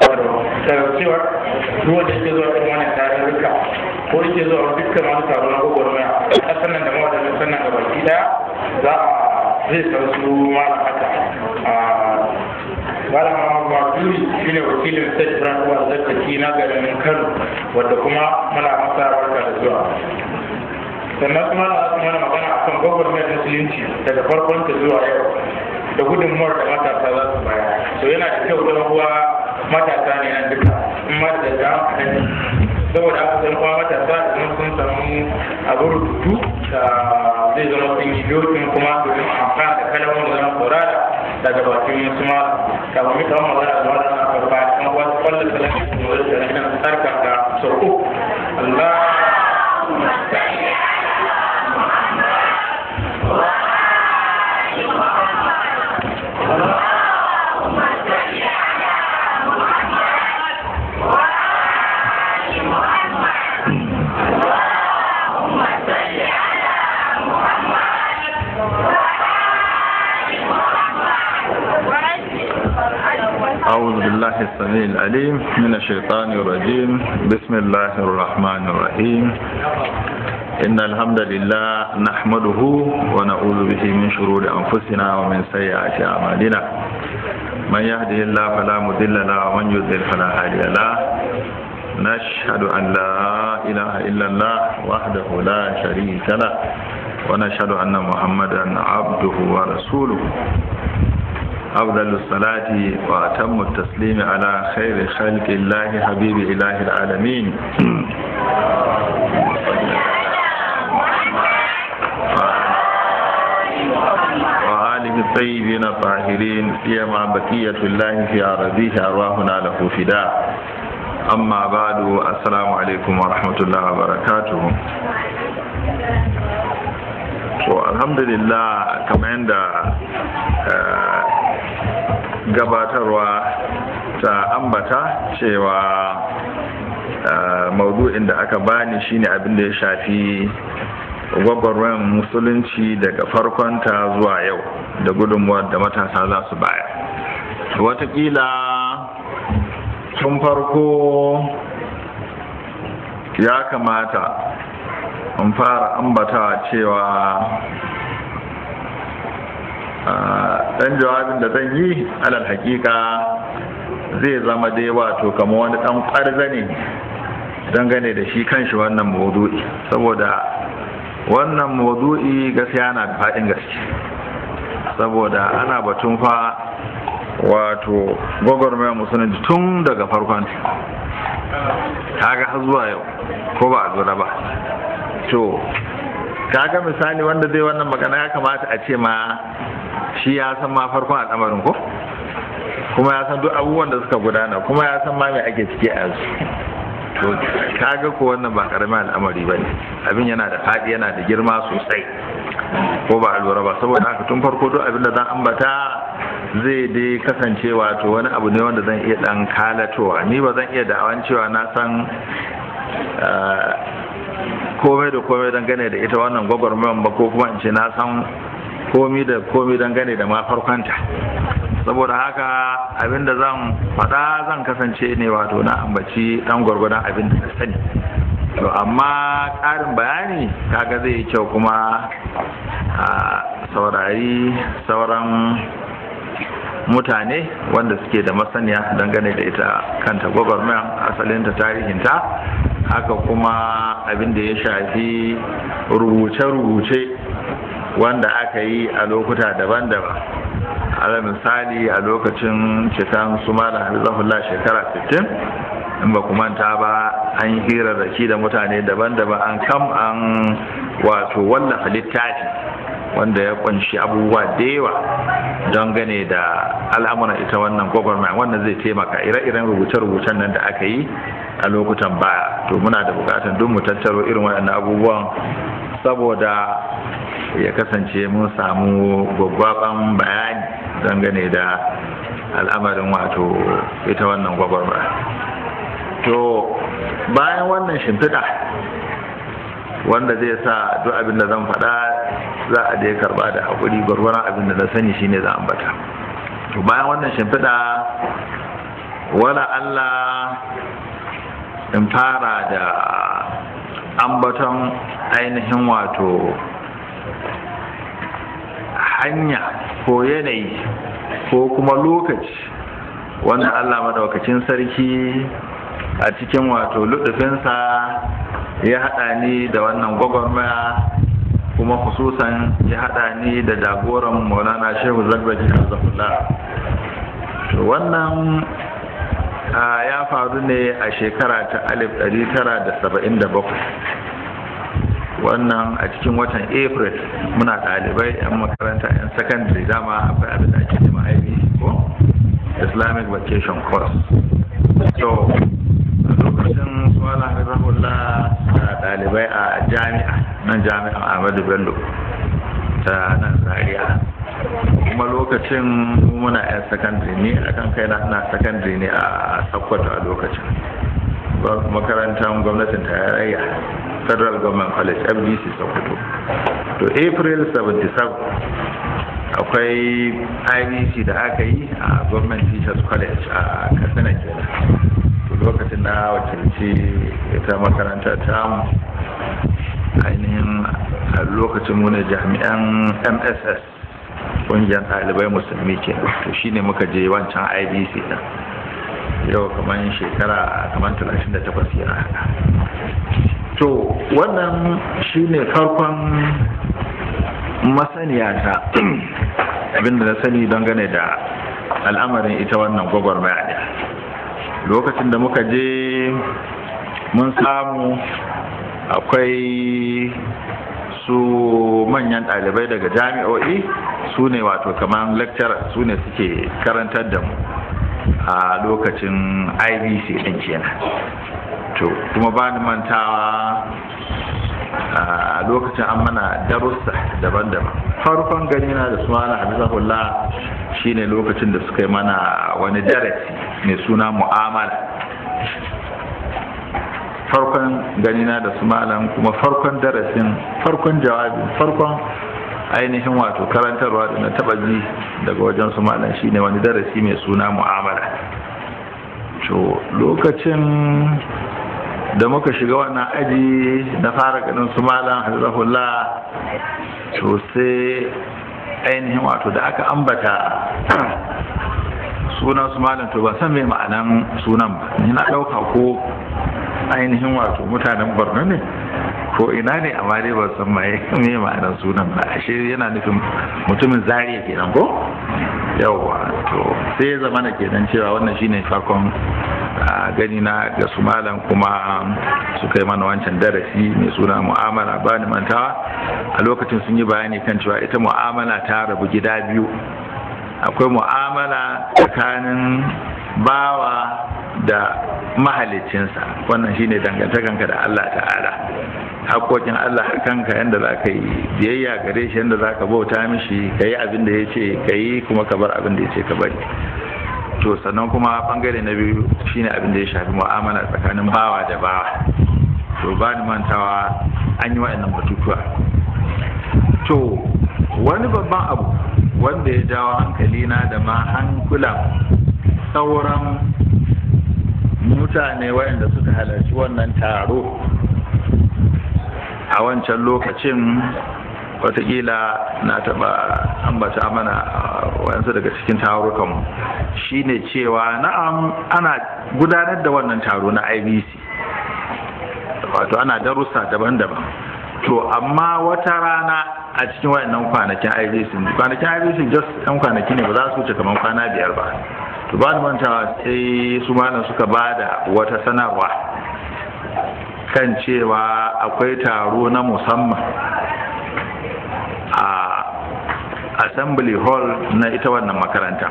cewa duk wanda yake zuwa cikin wannan duka, ko yake zuwa dukkan wani taro na gwagwarmaya ƙasar nan da mawadannin sannan ga baki ɗaya za a zai san su malam haka malam maburi shi ne wakilin state brand wa zartaki na garin kano wadda kuma muna masa barka da zuwa sannan kuma na asu mana magana akan gwagwarmayar musulunci daga farkon ta zuwa yau da gudunmuwar da matasa za su bayar. to yana da kyau da uwa matasa ne a duka matasa nan saboda aka san kuma matasa idan sun samu abin rubutu ta zai zama sun yi dokin kuma domin amfani da kalmar magana saurara daga bakin su ma kamar mita wani magana da wani na karfa kan wasu salafi da wani salafi na sarkar da sau Allah السميع العليم من الشيطان الرجيم بسم الله الرحمن الرحيم إن الحمد لله نحمده ونعوذ به من شرور أنفسنا ومن سيئات أعمالنا من يهده الله فلا مضل له ومن يضلل فلا هادي له نشهد أن لا إله إلا الله وحده لا شريك له ونشهد أن محمدا عبده ورسوله أفضل الصلاة وأتم التسليم على خير خلق الله حبيب إله العالمين وآله الطيبين الطاهرين سيما بقية الله في أرضه أرواحنا له فداء أما بعد السلام عليكم ورحمة الله وبركاته alhamdulillah kamar yadda gabatarwa ta ambata cewa eh, maudu'in da aka bani shine abin da ya shafi gwagwarwar musulunci daga farkon ta zuwa yau da gudunmuwar da matasa za su baya watakila tun farko ya kamata in fara ambata cewa dan jawabin da zan yi alal hakika zai zama dai wato kama wani dan kwarza ne dangane da shi kanshi wannan maudu'i saboda wannan maudu'i gaskiya na da faɗin gaske saboda ana batun fa wato gwagwarmayar musulunci tun daga farkon kaga har zuwa yau ko ba a lura ba to kaga misali wanda zai wannan magana ya kamata a ce ma shi ya san ma farkon al'amarin ko kuma ya san duk abubuwan da suka gudana kuma ya san ma me ake ciki a yanzu to kaga ko wannan ba karamin al'amari bane abin yana da fadi yana da girma sosai ko ba lura ba saboda haka tun farko duk abin da zan ambata zai dai kasance wato wani abu ne wanda zan iya dan kalatowa ni ba zan iya da'awan cewa na san eh, komai da komai dangane da ita wannan gwagwarmayar ba ko kuma in ce na san komi da komi dangane da ma farkonta saboda haka abin da zan faɗa zan kasance ne wato na ambaci ɗan gwargwadon abin da sani to amma ƙarin bayani kaga zai yi kyau kuma a saurari sauran mutane wanda suke da masaniya dangane da ita kanta gwagwarmayar asalinta tarihinta haka kuma abin da ya shafi rubuce-rubuce wanda aka yi a lokuta daban-daban ala misali a lokacin cikin su mala shekara 15 in ba ku manta ba an da hirarraki da mutane daban-daban an kam an wato wallafa littafi wanda ya kunshi abubuwa da yawa don gane da al'amuran ita wannan gwagwarmaya wannan zai taimaka ire-iren rubuce-rubucen nan da aka yi a lokutan baya to muna da bukatar duk mu tattaro irin waɗannan abubuwan saboda ya kasance mun samu gwaggwaban bayani dangane da al'amarin wato ita wannan gwagwarmar to bayan wannan shimfiɗa wanda zai sa duk abin da zan faɗa za a dai karɓa da haƙuri gwargwaron abin da na sani shine za bata to bayan wannan shimfiɗa wala Allah in fara da ambaton ainihin wato hanya ko yanayi ko kuma lokaci wanda allah madaukakin sarki a cikin wato luɗufinsa ya haɗa ni da wannan gwagwarmaya kuma hususan ya haɗa ni da jagoran maulana shehu zarbaji hazafula to wannan ya faru ne a shekara ta alif ɗari wannan a cikin watan april muna dalibai 'yan makaranta 'yan secondary dama akwai abin da ake cima ibc e, ko islamic vacation course so a lokacin suwala rahula da dalibai a jami'a nan jami'a ahmadu bello ta nan zaria kuma lokacin muna 'yan secondary ne a kan kai na secondary ne a sakwato a lokacin makarantar gwamnatin tarayya federal government college fdc sokoto to april 77 akwai ibc da aka yi a government teachers college a katsina kenan to lokacin na wakilci ita makaranta ta ainihin a lokacin muna jami'an mss kungiyar ɗalibai musulmi ke to shine muka je wancan ibc ɗin yau kamar shekara kamar 38 yana haka to wannan shine farkon masaniya ta abinda na sani don gane da al'amarin ita wannan gwagwarmaya ne lokacin da muka je mun samu akwai su manyan ɗalibai daga jami'o'i su ne wato kamar lecturer su ne suke karantar da mu a lokacin ibc ɗin kenan to kuma ba ni mantawa a lokacin an mana darussa daban-daban farkon gani na da suna na shi shine lokacin da suka yi mana wani darasi mai suna mu'amala farkon gani na da su malam kuma farkon darasin farkon jawabin farkon ainihin wato karantarwa da na taba ji daga wajen su malam shine wani darasi mai suna mu'amala to lokacin da muka shiga wannan aji na fara ganin su malam hazrahullah to sai ainihin wato da aka ambata sunan su malam to ba san mai ma'anan sunan ba ni na ɗauka ko ainihin wato mutanen borno ne ko ina ne amma dai ba san mai me ma'anar sunan ba ashe yana nufin mutumin zariya kenan ko yawwa to sai zamana kenan cewa wannan shine farkon gani na ga su malam kuma su kai mana wancan darasi mai suna mu'amala ba ni mantawa a lokacin sun yi bayani kan cewa ita mu'amala ta rabu gida biyu akwai mu'amala tsakanin bawa da mahalicinsa wannan shine dangantakanka da Allah ta'ala hakokin Allah a kanka yadda za ka yi biyayya gare shi yadda za ka bauta mishi ka yi abin da ya ce ka yi kuma ka bar abin da ya ce ka bari to sannan kuma bangare na biyu shine abin da ya shafi mu'amala tsakanin bawa da bawa to ba ni mantawa an yi wa'annan batutuwa to wani babban abu wanda ya jawo hankali na da ma hankulan sauran mutane wayanda suka halarci wannan taro a wancan lokacin watakila na taɓa ambata mana wayansu daga cikin tarukanmu shine cewa na'am ana gudanar da wannan taro na ibc wato ana darussa daban-daban to amma wata rana a cikin wayannan kwanakin ibc kwanakin ibc just yan kwanaki ne ba za su wuce kamar kwana biyar ba to ba da mantawa sai su malam suka ba da wata sanarwa kan cewa akwai taro na musamman a assembly hall na ita wannan makaranta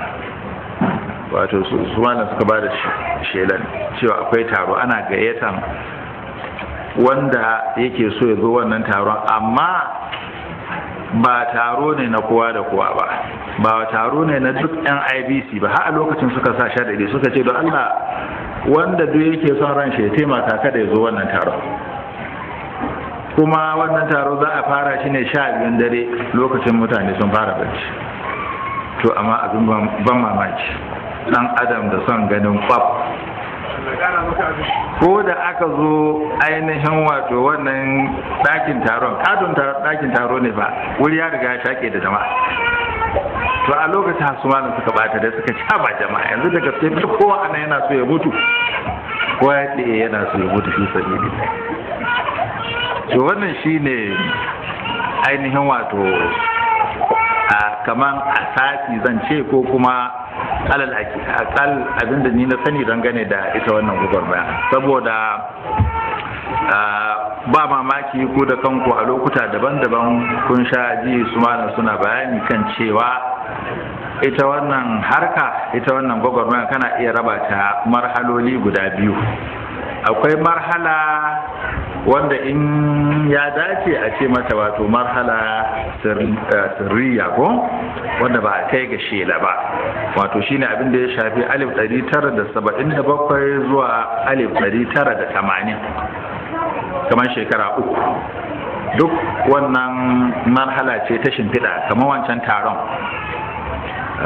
wato su malam suka ba da shelan cewa akwai taro ana gayyatan wanda yake so ya zo wannan taron amma ba taro ne na kowa da kowa ba ba taro ne na duk yan ibc ba har a lokacin suka sa daidai suka ce don allah wanda duk yake son ran shi ya taimaka kada ya zo wannan taro. kuma wannan taro za a fara shi ne sha biyun dare lokacin mutane sun fara bacci to amma abin ban mamaki dan adam da son ganin kwaf ko da aka zo ainihin wato wannan ɗakin taron ɗakin taro ne ba wuri ya riga ya shaƙe da jama'a to a lokacin hasumanin suka bata da suka sha ba jama'a yanzu da gaske duk kowa ana yana so ya mutu ko ya ce eh yana so ya mutu sani ne to wannan shine ainihin wato kaman asasi zan ce ko kuma alal akal da ni na sani gane da ita wannan gwagwarmaya saboda ba mamaki ko da kanku a lokuta daban-daban kun sha ji su suna bayani kan cewa ita wannan harka ita wannan gwagwarmaya kana iya raba ta marhaloli guda biyu akwai marhala wanda in ya dace a ce mata wato marhala eh, sirriya ko wanda ba a kai ga shela ba wato shine abin da ya shafi alif bakwai zuwa alif tamanin kamar shekara uku duk wannan marhala ce ta shimfiɗa kamar wancan taron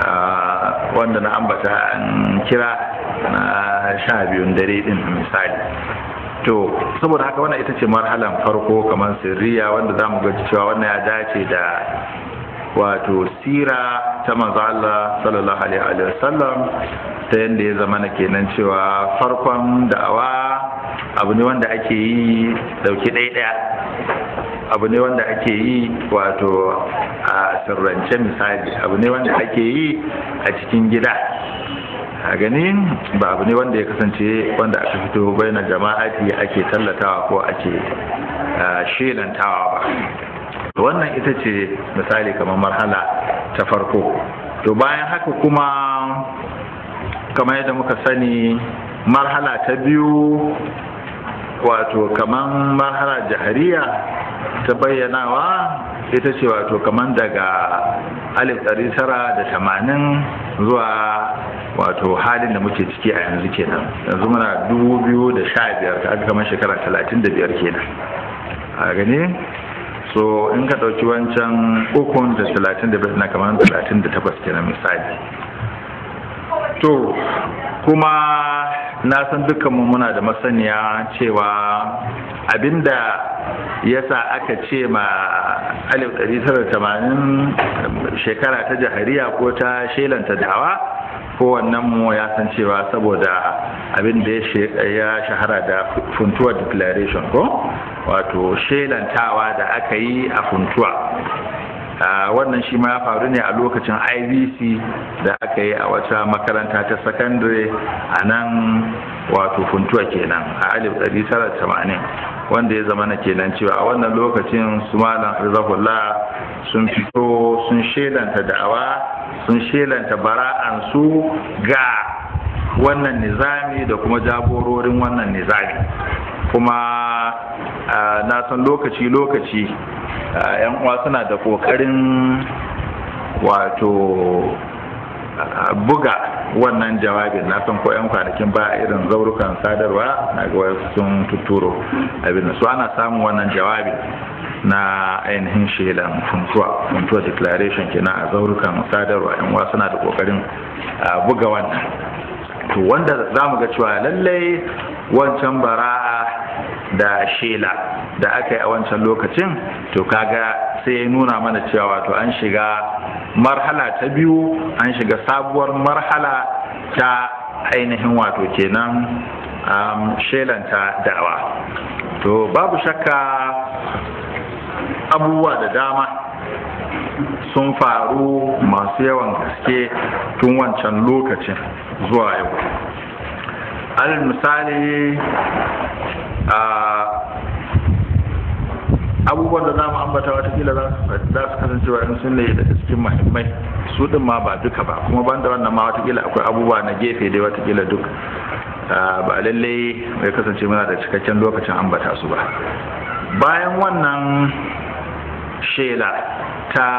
ah, wanda na ambata an kira na sha biyun dare ɗin misali to saboda haka wannan ita ce marhalan farko kamar sirriya wanda za mu ga cewa wannan ya dace da wato sira ta manzo Allah sallallahu alaihi wa sallam ta yanda ya zama na kenan cewa farkon da'awa abu ne wanda ake yi ɗaya ɗaya abu ne wanda ake yi wato a sirrance misali abu ne wanda ake yi a cikin gida a gani ba abu ne wanda ya kasance wanda aka fito bayan jama'ati ake tallatawa ko ake shelantawa ba wannan ita ce misali kamar marhala ta farko to bayan haka kuma kamar yadda muka sani marhala ta biyu wato kaman mahara jahariya ta bayyanawa ita ce wato kaman daga alif ɗari tara da tamanin zuwa wato halin da muke ciki a yanzu kenan yanzu muna dubu biyu da sha biyar ta aka kaman shekara talatin da biyar kenan a gani so in ka ɗauki wancan ukun da talatin da biyar na kaman talatin da takwas kenan misali to kuma na san dukkanmu muna da masaniya cewa abinda ya sa aka ce ma 1980 shekara ta jahariya ko ta shelanta dawa kowannen mu ya san cewa saboda abin da ya shahara da funtuwa declaration ko wato shelantawa da aka yi a funtuwa wannan shi ma ya faru ne a lokacin ibc da aka yi a wata makaranta ta sakandare a nan wato funtuwa kenan a alif ɗari 1980 wanda ya zama na kenan cewa a wannan lokacin su malam arzahullah sun fito sun shelanta da'awa sun shelanta bara'ansu ga wannan nizami da kuma jagororin wannan nizami kuma na san lokaci-lokaci yan uwa suna da ƙoƙarin wato buga wannan jawabin na san ko yan kwanakin ba irin zaurukan sadarwa na ga wasu sun tuturo abin su ana samun wannan jawabin na ainihin shelan funtuwa funtuwa declaration kenan a zaurukan sadarwa yan wasu na da kokarin buga wannan to wanda za mu ga cewa lallai wancan bara'a da shela da aka yi a wancan lokacin to kaga sai ya nuna mana cewa wato an shiga marhala ta biyu an shiga sabuwar marhala ta ainihin wato kenan um, shelanta da'awa to babu shakka abubuwa da dama sun faru masu yawan gaske tun wancan lokacin zuwa yau al misali a abubuwan da za mu ambata watakila za su kasance wa sun ne da cikin mahimmai su din ma ba duka ba kuma ban da wannan ma watakila akwai abubuwa na gefe dai watakila duk ba lallai mai kasance muna da cikakken lokacin ambata su ba bayan wannan shela ta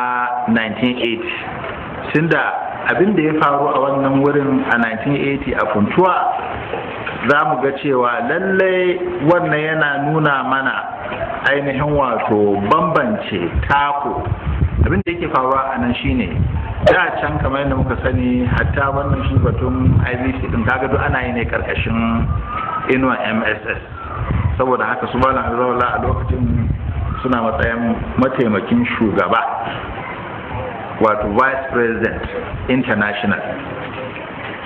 1980 tunda abin da ya faru a wannan wurin a 1980 a funtuwa za mu ga cewa lallai wannan yana nuna mana ainihin wato bambance tako abin da yake faruwa a nan shine da can kamar yadda muka sani hatta wannan shi batun ibc din kaga duk ana yi ne karkashin inuwa mss saboda haka su malam a lokacin suna matsayin mataimakin shugaba wato vice president international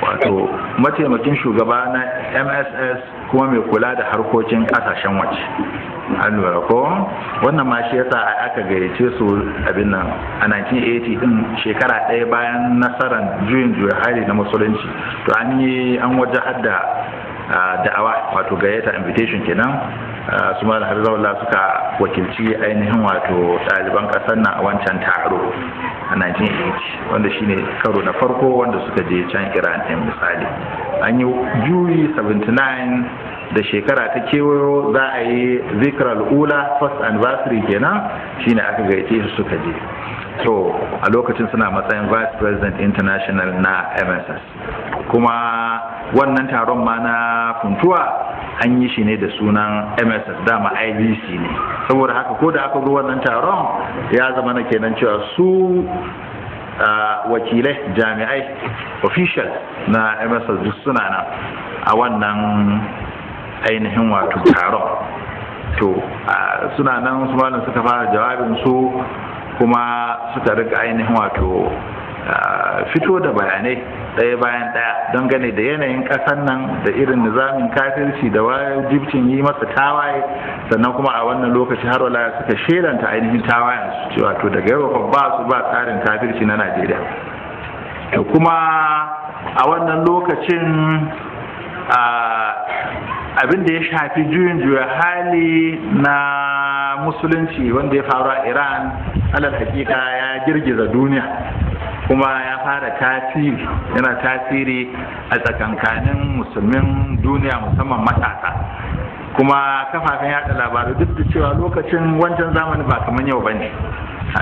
wato mataimakin shugaba na mss kuma mai kula da harkokin kasashen waje an lura ko wannan ma shi yasa aka gayyace su abin nan a 1980 din shekara ɗaya bayan nasarar juyin juya hari na musulunci to an yi an wajahar da ah, da'awa wato gayyata invitation kenan su ma da suka wakilci ainihin wato ɗaliban ƙasar nan a wancan taro a 1980 wanda shine karo na farko wanda suka je can iran ɗin misali an yi juyi 79 da shekara ta kewayo za a yi zikral ula first anniversary kenan shine aka gaice su suka je to a lokacin suna matsayin vice president international na mss kuma wannan taron ma na funtuwa an yi shi ne da sunan mss dama ibc ne saboda haka ko da aka zo wannan taron ya zama na kenan cewa su wakilai jami'ai official na mss duk suna nan a wannan ainihin wato taron to suna nan su malam suka fara jawabin su kuma suka rika ainihin wato fito da bayanai ɗaya bayan ɗaya don gane da yanayin ƙasar nan da irin nizamin kafirci da wajibcin yi masa tawaye sannan kuma a wannan lokaci har wala suka shelanta ainihin tawayen su ce wato daga yau ba su ba tsarin kafirci na najeriya to kuma a wannan lokacin abin da ya shafi juyin juya hali na musulunci wanda ya faru a iran alal hakika ya girgiza duniya kuma ya fara tasiri yana tasiri a tsakankanin musulmin duniya musamman matasa kuma kafafen yada labaru duk da cewa lokacin wancan zamani ba kamar yau bane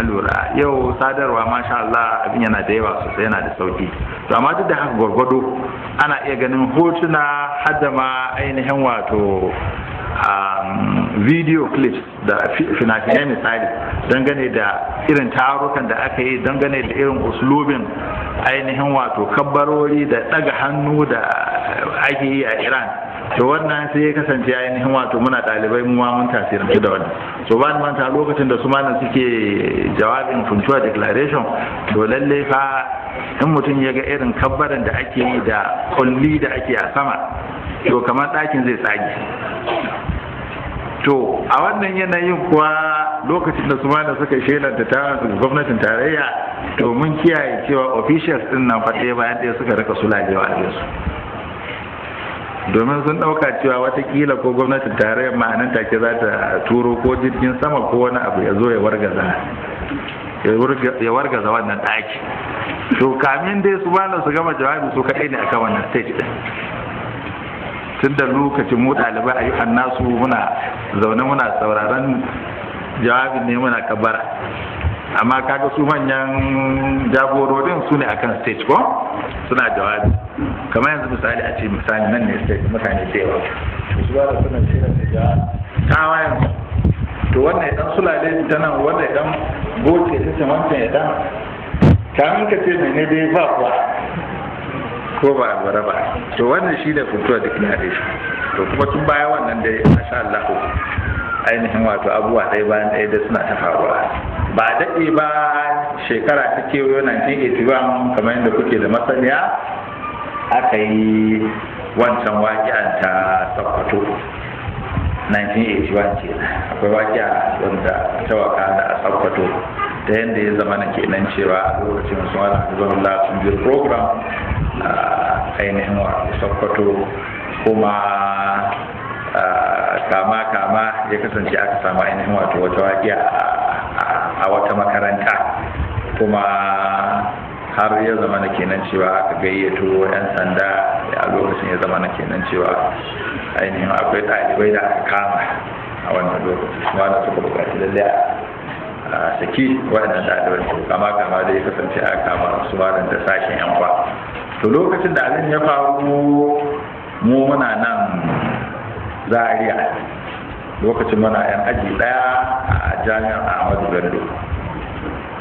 lura yau sadarwa masha Allah abin yana da yawa sosai yana da sauki to amma duk da haka gwargwado ana iya ganin hotuna hadama ainihin wato um, video clips da fina-finai misali dangane da irin tarukan da aka yi dangane da irin uslubin ainihin wato kabbarori da daga hannu da ake yi a iran to wannan sai ya kasance ainihin wato muna ɗalibai mu ma mun tasirantu da wannan so ba ni manta lokacin da su ma suke jawabin funtuwa declaration to lalle fa in mutum ya ga irin kabbaran da ake yi da kulli da ake a sama to kamar ɗakin zai tsage to a wannan yanayin kuwa lokacin da su ma suka shelanta ta gwamnatin tarayya to mun kiyaye cewa officials din nan fa ɗaya bayan ɗaya suka rika sulajewa a su domin sun ɗauka cewa watakila ko gwamnatin tarayyar ma'anin take za ta turo ko jirgin sama ko wani abu ya zo ya wargaza wannan ɗaki to kamin dai su malam su gama jawabi su kaɗai ne akan wannan stage ɗin tun da lokacin mu ɗalibai ayyukan nasu muna zaune muna sauraron jawabin ne muna kabara amma kaga su manyan jagororin su ne akan stage ko suna jawabi kamar yanzu misali a ce misali nan ne stage mutane da yawa su ba da suna shirin da ja yanzu to wannan dan sulale da nan wannan dan goce ta samanta ya dan kamin ka ce ne dai ba kuwa ko ba a ba to wannan shi da fito da shi to kuma tun baya wannan dai masha Allah ainihin wato abubuwa ɗaya bayan ɗaya da suna ta faruwa ba a daɗe ba shekara ta kewayo 1981 kamar yadda kuke da masaniya aka yi wancan waƙi'an ta tsakwato 1981 ke akwai waƙi'a wanda ta waka da a tsakwato ta yadda ya zama na kenan cewa a lokacin sun wani abubuwan sun biyu program a ah, ainihin wato tsakwato kuma kama kama ya kasance aka samu ainihin wato wata waƙi a wata makaranta kuma har ya zama na kenan cewa aka gayyato 'yan sanda a lokacin ya zama na kenan cewa ainihin akwai ɗalibai da aka kama a wannan lokacin kuma da suka bukaci lalle a saki waɗannan ɗalibai su kama kama da ya kasance a kama su waɗanda da sashen yan kwa to lokacin da abin ya faru mu muna nan zaria lokacin mana yan aji daya a jami'ar ahmadu bello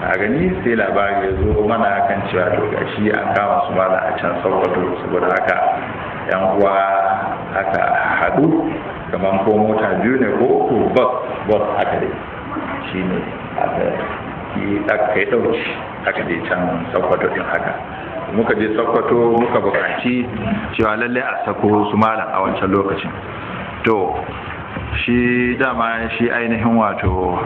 a gani sai labari ya zo mana kan cewa to gashi an kama su mala a can sokoto saboda haka yan uwa aka hadu, kamar ko mota biyu ne ko ko bus bus haka dai shi ne aka yi dauki aka dai can sokoto din haka muka je sokoto muka bukaci cewa lallai a sako su malam a wancan lokacin to shi dama shi ainihin wato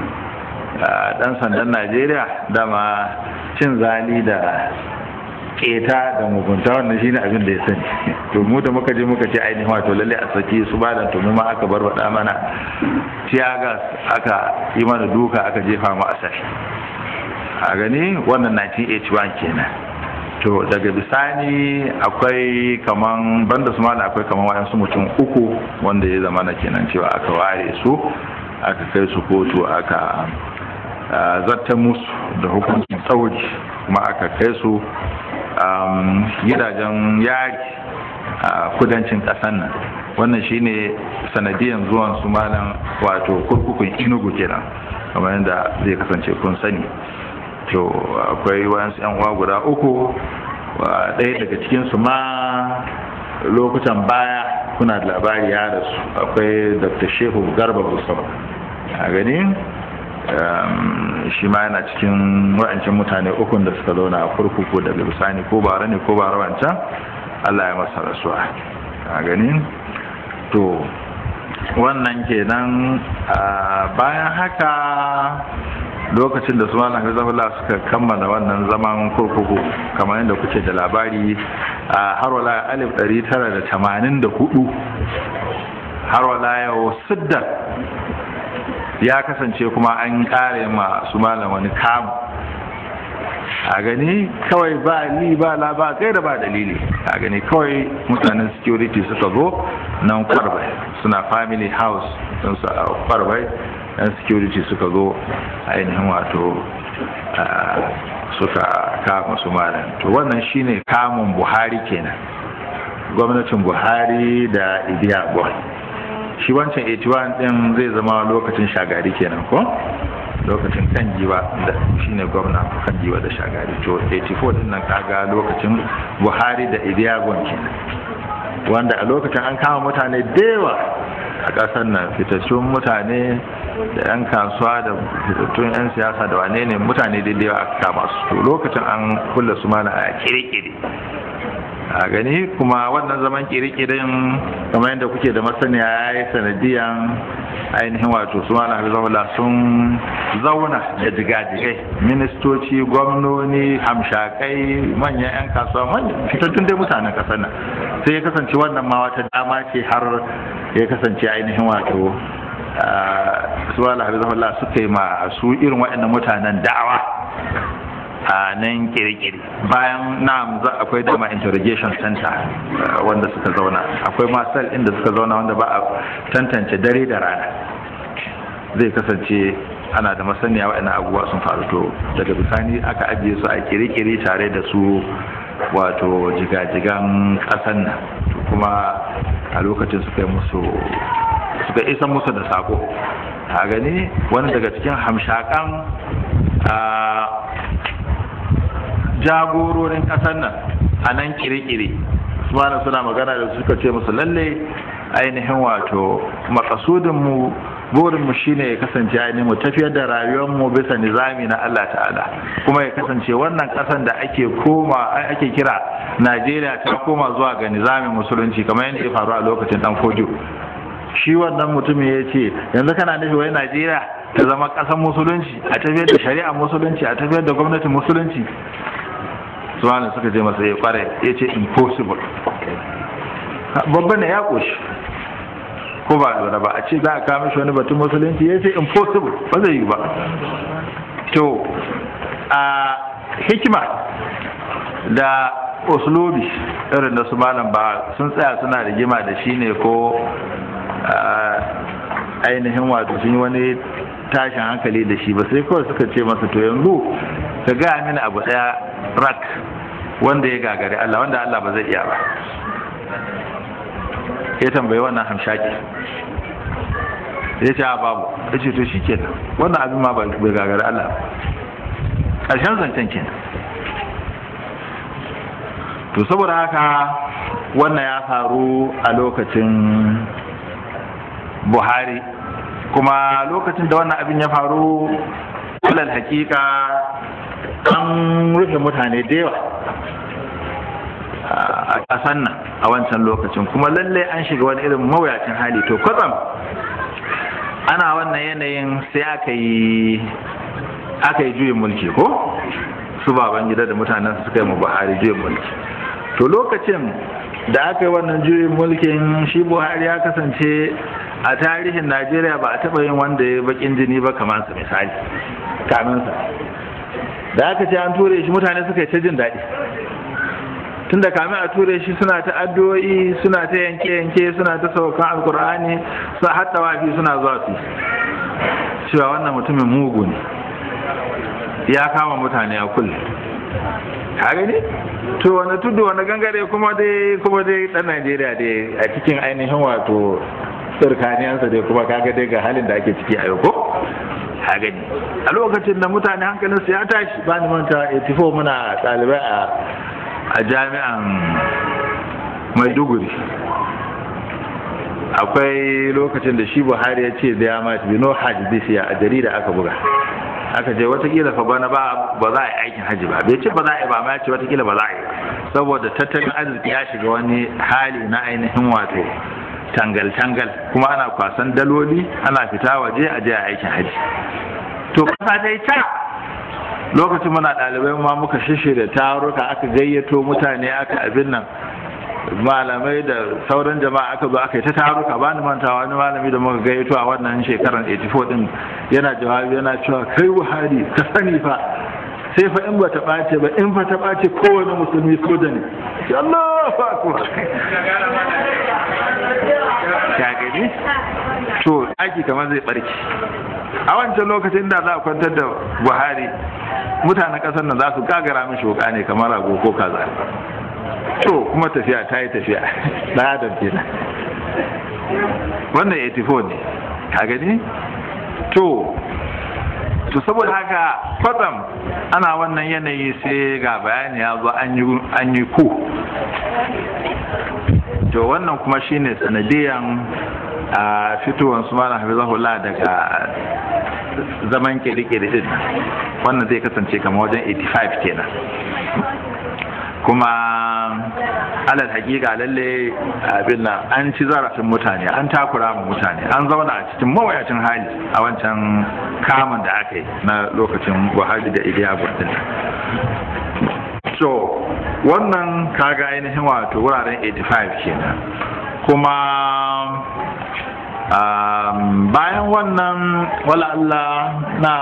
dan sandan najeriya dama cin zali da keta da mugunta wannan ne abin da ya sani to mu da muka je muka ce ainihin wato lalle a saki su ba da to ma aka bar wada mana tiyagas aka yi mana duka aka jefa mu a sai a gani wannan 1981 kenan to daga bisani akwai kaman banda su mala akwai kaman wayansu mutum uku wanda ya zama na kenan cewa aka ware su aka kai su kotu aka zata musu da hukuncin sauji kuma aka kai su gidajen yari a kudancin kasan nan wannan shine sanadiyan zuwan su malam wato kurkukun inugu kenan kamar yadda zai kasance kun sani to akwai wayansu yan uwa guda uku ɗaya daga cikinsu ma lokutan baya kuna da labari ya su. akwai dr shehu garba gusau a gani ehm, shi ma yana cikin wa'ancin mutane ukun da suka zauna kurkuku da bisani ko bara ne ko bara wancan allah ya masa rasuwa a gani to wannan kenan bayan haka lokacin da su malam hizabullah suka kammala wannan zaman kurkuku kamar yadda kuke da labari a harwala alif ɗari tara da tamanin da hudu harwala yau siddar ya kasance kuma an kare ma su malam wani kamu a gani kawai ba ni ba la ba kai da ba dalili a gani kawai mutanen security suka zo nan kwarbai suna family house sun sa kwarbai yan security suka zo ainihin wato suka kama su malam to wannan shine kamun buhari kenan gwamnatin buhari da ibiya boy shi wancan 81 din zai zama lokacin shagari kenan ko lokacin kan giwa da shi ne gwamna kan giwa da shagari to 84 din nan kaga lokacin buhari da ibiyagon kenan wanda a lokacin an kama mutane dewa a ƙasar nan fitaccen mutane da 'yan kasuwa da fitattun 'yan siyasa da wane ne mutane daidai aka kama su to lokacin an kulla su mana a kirikiri. a gani kuma wannan zaman kirikirin, kuma yadda kuke da masaniya ya yi sanadiyan ainihin wato su mana hafizahullah sun zauna da jigajigai ministoci gwamnoni hamshakai manyan 'yan kasuwa fitattun dai mutanen kasar nan sai ya kasance wannan ma wata dama ce har ya kasance ainihin wato Ah, su wala hafizahullah suka yi ma su irin waɗannan mutanen da'awa a nan kirkiri bayan na akwai dama interrogation center ah, wanda suka zauna akwai masal inda suka zauna wanda ba a tantance dare da rana zai kasance ana da masaniya waɗannan abubuwa sun faru to daga bisani aka ajiye su a kirkiri tare da su wato jigajigan ƙasan nan kuma a lokacin suka yi musu suka isa musu da sako a gani wani daga cikin hamshakan jagororin ƙasar nan a nan kirikiri ma suna magana da suka ce musu lalle ainihin wato makasudinmu burinmu shine ya kasance ainihin mu tafiyar da rayuwar mu bisa nizami na Allah ta'ala kuma ya kasance wannan kasan da ake koma ake kira Najeriya ta koma zuwa ga nizamin musulunci kamar yadda ya faru a lokacin dan fojo shi wannan mutumin ya ce yanzu kana nufi wai najeriya ta zama ƙasar musulunci a tafiyar da shari'a musulunci a tafiyar da gwamnatin musulunci suwanin suka je masa ya eh, kware ya ce impossible babban ne ya ƙoshi ko ba lura ba a ce za a kawo mishi wani batun musulunci ya ce impossible ba zai yi ba to a hikima da uslubi irin da su malam ba sun tsaya suna rigima da shi ne ko ainihin wato sun yi wani tashin hankali da shi ba sai kawai suka ce masa to yanzu ka gaya mini abu daya rak wanda ya gagari Allah wanda Allah ba zai iya ba ya tambayi wannan hamshaki ya ce a babu ya ce to shi kenan wannan abin ma bai gagari Allah ƙarshen zancen kenan to saboda haka wannan ya faru a lokacin buhari kuma lokacin da wannan abin ya faru alal hakika an rufe mutane da yawa a ƙasan nan a wancan lokacin kuma lallai an shiga wani irin mawuyacin hali to kwatsam ana wannan yanayin sai aka yi aka yi juyin mulki ko su baban gida da mutanen su suka yi buhari juyin mulki to lokacin da aka yi wannan juyin mulkin shi buhari ya kasance a tarihin najeriya ba a taɓa yin wanda ya bakin jini ba kamar su misali kaminsa da aka ce an ture shi mutane suka yi ta jin daɗi Tunda da kamin a ture shi suna ta addu'o'i suna ta yanke-yanke suna ta saukan alkur'ani suna hatta wafi suna zuwa su cewa wannan mutumin mugu ne ya kama mutane a kulle. ka ne? to wani tudu wani gangare kuma dai kuma dai dan najeriya dai a cikin ainihin wato tsirkaniyansa dai kuma kaga dai ga halin da ake ciki a yau ko a gani a lokacin da mutane hankalin su ya tashi ba ni manta 84 muna ɗalibai a jami'an maiduguri akwai lokacin da shi buhari ya ce zai might bi no hajj this year a jarida aka buga aka ce watakila fa bana ba ba za a yi aikin hajji ba bai ce ba za a yi ba ma ya ce watakila ba za a yi saboda tattalin arziki ya shiga wani hali na ainihin wato tangal-tangal kuma ana kwasan daloli ana fita waje a je aikin haji to kasa dai ta lokacin muna ɗalibai ma muka da taruka aka gayyato mutane aka abin nan malamai da sauran jama'a aka zo aka yi ta taruka ba ni manta wani malami da muka gayyato a wannan shekarar 84 din yana jawabi yana cewa kai buhari ka sani fa sai fa in ba ta ɓace ba in fa ta ɓace kowane musulmi da ne ka gani to ɗaki kamar zai barke a wancan lokacin da za a kwantar da buhari mutanen ƙasar nan za su gagara min shoka ne kamar rago ko kaza to kuma tafiya ta yi tafiya na adam kenan wannan 84 ne ka gani to to saboda haka kwatsam ana wannan yanayi sai ga bayani ya zo an yi ku to wannan kuma shine sanadiyan a fitowar su mana zahula daga zaman kirkiri din wannan zai kasance kama wajen 85 kenan kuma alal hakika lalle abin nan an ci zarafin mutane an takura wa mutane an zauna a cikin mawayacin hali a wancan kamun da aka yi na lokacin buhari da iliya burtun so wannan kaga ainihin wato wuraren 85 kenan kuma Um, bayan wannan wala Allah na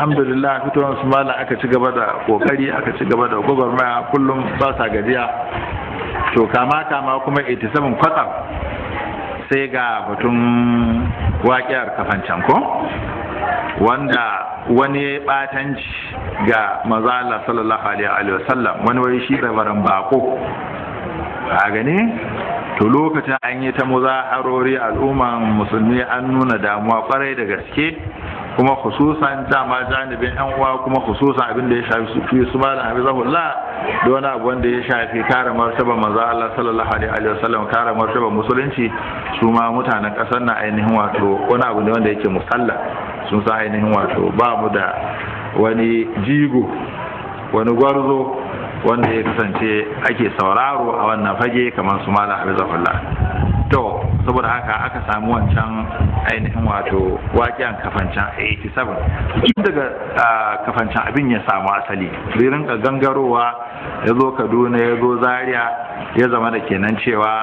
alhamdulillah fitowar su mala aka ci gaba da kokari aka ci gaba da gwagwarmaya kullum ba sa gajiya to kama kama kuma 87 kwatsam sai ga batun waƙiyar kafancan ko wanda wani batanci ga mazala sallallahu alaihi wasallam wani wai shi rabaran bako a gane to lokacin an yi ta muzaharori al'umman musulmi an nuna damuwa kwarai da gaske kuma khususan dama janibin yan uwa kuma khususan abin da ya shafi su abin habibullah da wani abu wanda ya shafi kare martaba manzo Allah sallallahu alaihi wa sallam kare martaba musulunci su ma mutanen kasar na ainihin wato wani abu ne wanda yake musalla sun sa ainihin wato ba mu da wani jigo wani gwarzo wanda ya kasance ake sauraro a wannan fage kamar su malam abizahullah to saboda haka aka samu wancan ainihin wato waƙiyan kafancan 87 tun daga kafancan abin ya samu asali zirin ka gangarowa ya zo kaduna ya zo zaria ya zama da kenan cewa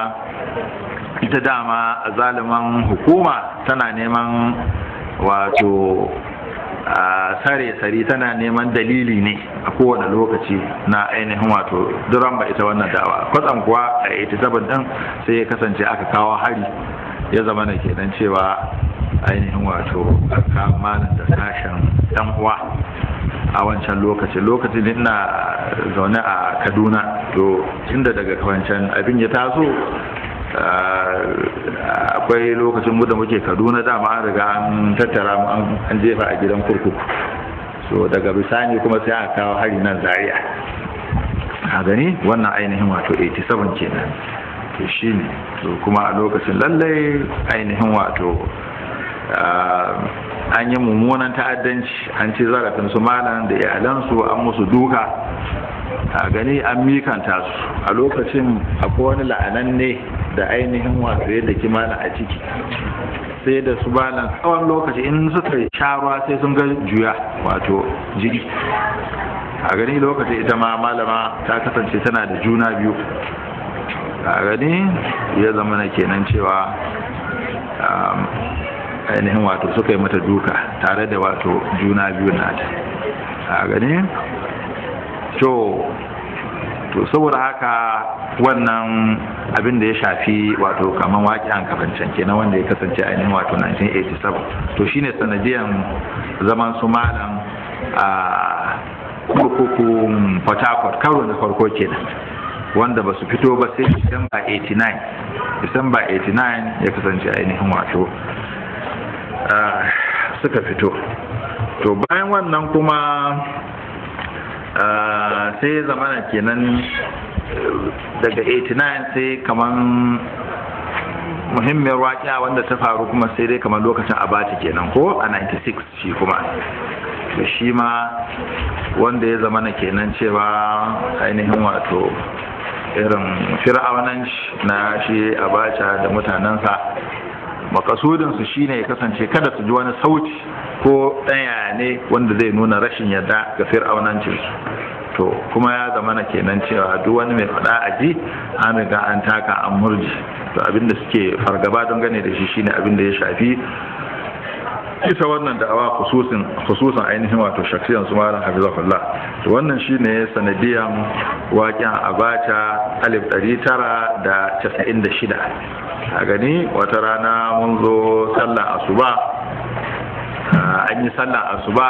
ita dama a zaliman hukuma tana neman wato a sare sari tana neman dalili ne a kowane lokaci na ainihin wato duran ba ita wannan dawa kwatsam kuwa a 87 din sai ya kasance aka kawo hari ya zama na kenan cewa ainihin wato a malam da sashen dan uwa a wancan lokaci Lokaci ne ina zaune a kaduna to inda daga wancan abin ya taso akwai lokacin mu da muke kaduna dama an riga an tattara an jefa a gidan kurkuku so daga bisani kuma sai aka kawo hari nan zaria a gani wannan ainihin wato 87 kenan to shi ne kuma a lokacin lallai ainihin wato ah, an yi mummunan ta'addanci an ci zarafin su malam da iyalansu an musu duka a gani an mikanta su a lokacin akwai wani la'anan da ainihin wato yadda ki malam a ciki sai da su malam tsawon lokaci in suka sha ruwa sai sun ga juya wato jiri. a gani lokaci ita ma malama ta kasance tana da juna biyu a gani ya zama na kenan cewa um, ainihin wato suka yi mata duka tare da wato juna biyu nata a gani to to saboda haka wannan abin da ya shafi wato kaman waki an kafancan kenan wanda ya kasance ainihin wato 1987 to shine sanadiyan zaman su malam a kurkuku port harcourt karo na farko kenan wanda ba su fito ba sai december 89 december 89 ya kasance ainihin wato Ah, suka fito to bayan wannan kuma ah, sai zamana kenan daga 89 sai kaman muhimmiyar waƙiya wanda ta faru kuma sai dai kamar lokacin abati kenan ko a 96 shi kuma da shi ma wanda ya zamana kenan cewa ainihin wato irin fir'aunan na shi abacha da mutanensa makasudin su shine ya kasance kada su ji wani sauti ko ɗaya ne wanda zai nuna rashin yadda ga fir'aunancin su to kuma ya zama zamana kenan cewa duk wani mai faɗa a ji an riga an taka an murji to abinda suke fargaba don gane da shi shine abin da ya shafi ita wannan da'awa khususin ainihin wato shaksiyan su malam hafizahullah to wannan shine sanadiyan waƙin Abacha, alif ɗari tara da casa'in da shida a gani wata rana mun zo sallah asuba ah, an yi sallar asuba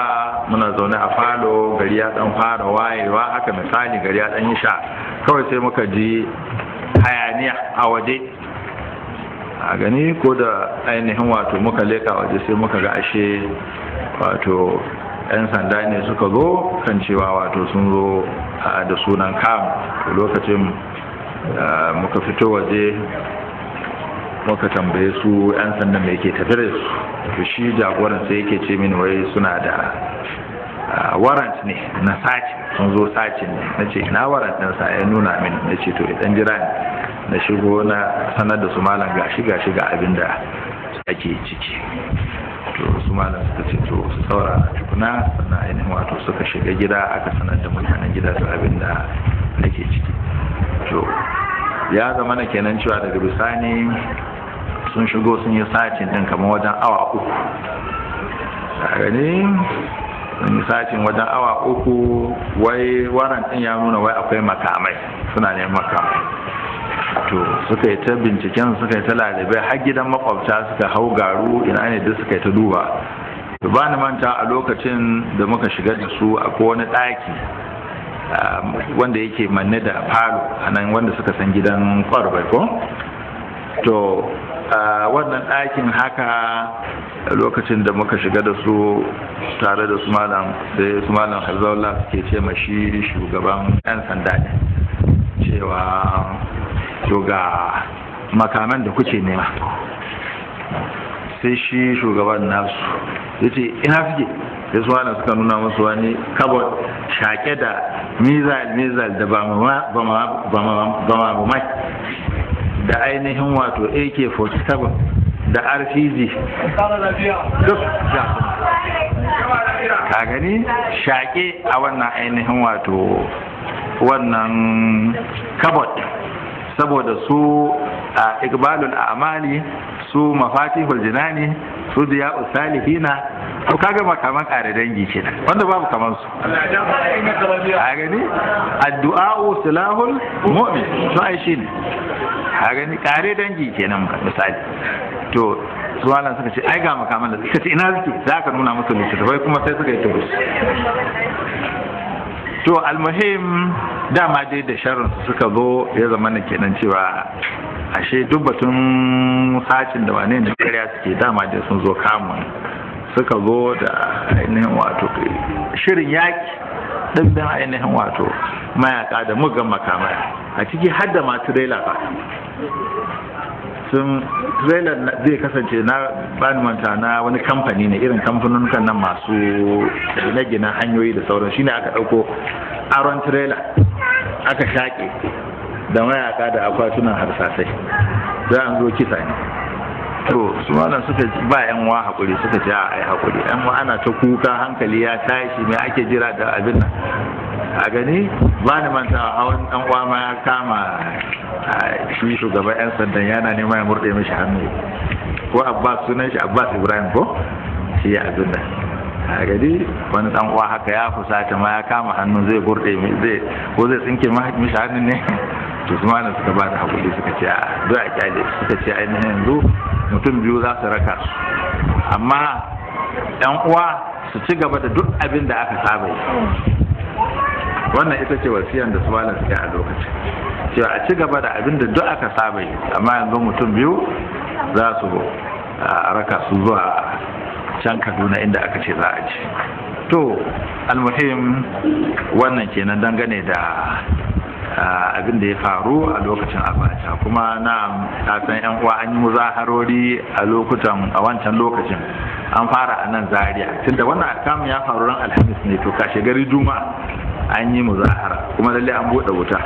muna zaune a falo gari ya dan fara wayewa haka misali gari ya dan yi sha kawai sai muka ji hayaniya a waje a gani ko da ainihin wato muka leka waje sai muka ga ashe wato 'yan sanda ne suka zo kan cewa wato sun zo da sunan kam lokacin muka fito waje muka tambaye su 'yan sanda mai ke tafi da su shi jagoran sai yake ce mini wai suna da warrant ne na sace sun zo sace ne na ce ina warrant ɗansa ya nuna min na ce to idan jira ne na shigo na sanar da su malam gashi gashi ga abin da ake ciki to su malam suka ce to su saura tukuna sannan ainihin wato suka shiga gida aka sanar da mutanen gida su abin da ake ciki to ya zama na kenan cewa daga bisani sun shigo sun yi satin din kamar wajen awa uku gani sun yi satin wajen awa uku wai waran din ya nuna wai akwai makamai suna neman makamai to suka yi ta binciken suka yi ta lalibai har gidan makwabta suka hau garu ina ne duk suka yi ta duba ba ni manta a lokacin da muka shiga da su ko wani ɗaki um, wanda yake manne da falo a nan wanda suka san gidan kwarbai ko to wannan ɗakin haka lokacin da muka shiga da su tare da su malam sai su malam harzaula suke ce mashi shugaban 'yan sanda cewa to ga makaman da kuke nema sai shi shugaban nasu ya ce ina suke da su wani suka nuna masu wani kabon shaƙe da mizal mizal da ba mai da ainihin wato ak-47 da rpg ka gani shaƙe a wannan ainihin wato wannan kabot saboda su a ikbalul amali su mafatihul jinani su diya usalihina to kaga makaman kare dangi ce wanda babu kaman su a gani addu'a silahul mu'min to ai shine a gani kare dangi kenan misali to suwalan suka ce ai ga makaman da suka ce ina zuke za ka nuna musu littattafai kuma sai suka yi tubus to almuhim dama dai da sharrin suka zo ya zama na kenan cewa ashe duk batun sacin da wane da kariya suke dama dai sun zo kamun suka zo da ainihin wato shirin yaki ɗimbin ainihin wato mayaka da mugan makamai a ciki har da masu ba sun trailer zai kasance na bani manta na wani kamfani ne irin kamfanin nan masu gine-gine hanyoyi da sauran shine aka ɗauko aron trailer aka shaƙe da mayaka da akwatunan harsasai za a zo kisa ne to su wannan suka ba yan wa hakuri suka ce a ai hakuri yan wa ana ta kuka hankali ya tashi me ake jira da abin nan a gani ba ni manta a hawan dan uwa ya kama shi shugaban 'yan sandan yana neman ya murɗe mishi hannu ko abbas sunan shi abbas ibrahim ko shi ya zunda a gadi wani dan uwa haka ya fusata ma ya kama hannu zai gurɗe zai ko zai tsinke mishi hannu ne to kuma malam suka ba da hakuri suka ce a do a kyale suka ce ainihin yanzu mutum biyu za su raka su amma yan uwa su ci gaba da duk abin da aka saba wannan ita ce wasiyan da su bala suke a lokacin cewa a ci gaba da abin da duk aka saba yi amma yanzu mutum biyu za su raka su zuwa can kaduna inda aka ce za a ci to almuhim wannan kenan dangane da abin da ya faru a lokacin abacha kuma na kasan yan uwa an yi muzaharori a lokutan a wancan lokacin an fara a nan zaria tunda wannan akam ya faru ran alhamis ne to kashe gari juma'a an yi muzahara kuma lalle an buɗe wuta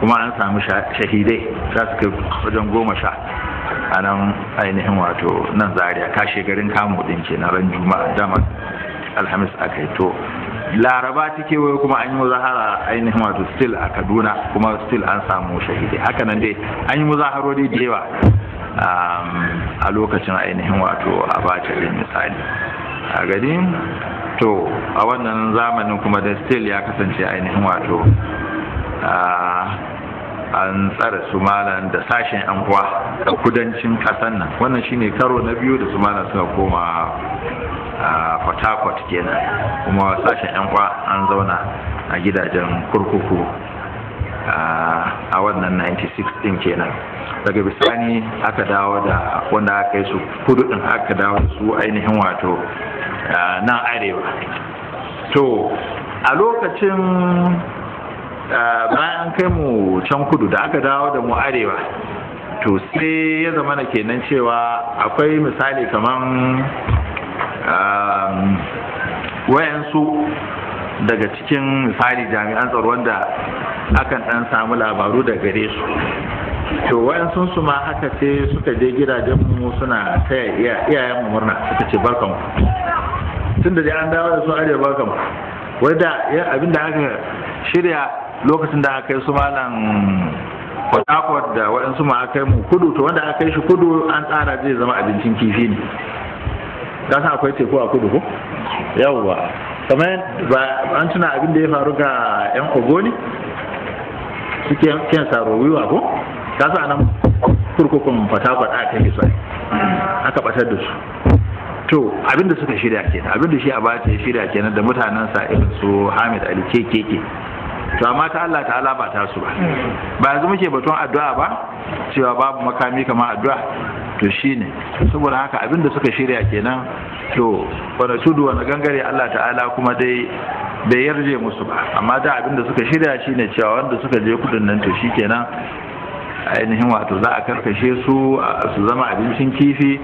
kuma an samu shahidai za su kai wajen goma sha a nan ainihin wato nan zaria kashe garin kamu ɗin ke na ran juma'a dama alhamis aka yi to laraba ta kewaye kuma an yi muzahara ainihin wato still a kaduna kuma still an samu shahidai haka nan dai an yi muzaharori da yawa um, a lokacin ainihin wato a bata misali a gani to a wannan zamanin kuma da still ya kasance ainihin wato an tsara su da sashen yan uwa da kudancin kasan nan wannan shine karo na biyu da su malan suka koma a port kenan kuma sashen yan uwa an zauna a gidajen kurkuku a wannan 96 din kenan daga bisani aka dawo da wanda aka yi su kudu din aka dawo da su ainihin wato nan arewa to a lokacin bayan kai mu can kudu da aka dawo da mu arewa to sai ya zama na kenan cewa akwai misali kaman wayansu daga cikin misali jami'an tsaro wanda akan dan samu labaru da gare su to wayansu su ma haka sai suka je gidajen mu suna taya iyayen mu murna suka ce barkan tun da dai an dawo da su arewa barkan wai da ya abin da aka shirya lokacin da aka yi su malam Port da waɗansu ma aka yi mu kudu to wanda aka yi shi kudu an tsara zai zama abincin kifi ne kasan akwai teku a kudu ko yawwa kamar ba an tuna abin da ya faru ga yan ogoni suke kyan saro wiwa ko ta sa nan kurkukun fatakwat a kan gisa aka batar da su to abinda suka shirya kenan da shi bata ya shirya kenan da mutanen sa irin su hamid ali kekeke to amma ta Allah ta'ala ba ta su ba ba yanzu muke batun addu'a ba cewa babu makami kamar addu'a to shine saboda haka abinda suka shirya kenan to wani tudu wani gangare Allah ta'ala kuma dai bai yarje musu ba amma da abinda suka shirya shine cewa wanda suka je kudin nan to shi shikenan ainihin wato za a karkashe su su zama abincin kifi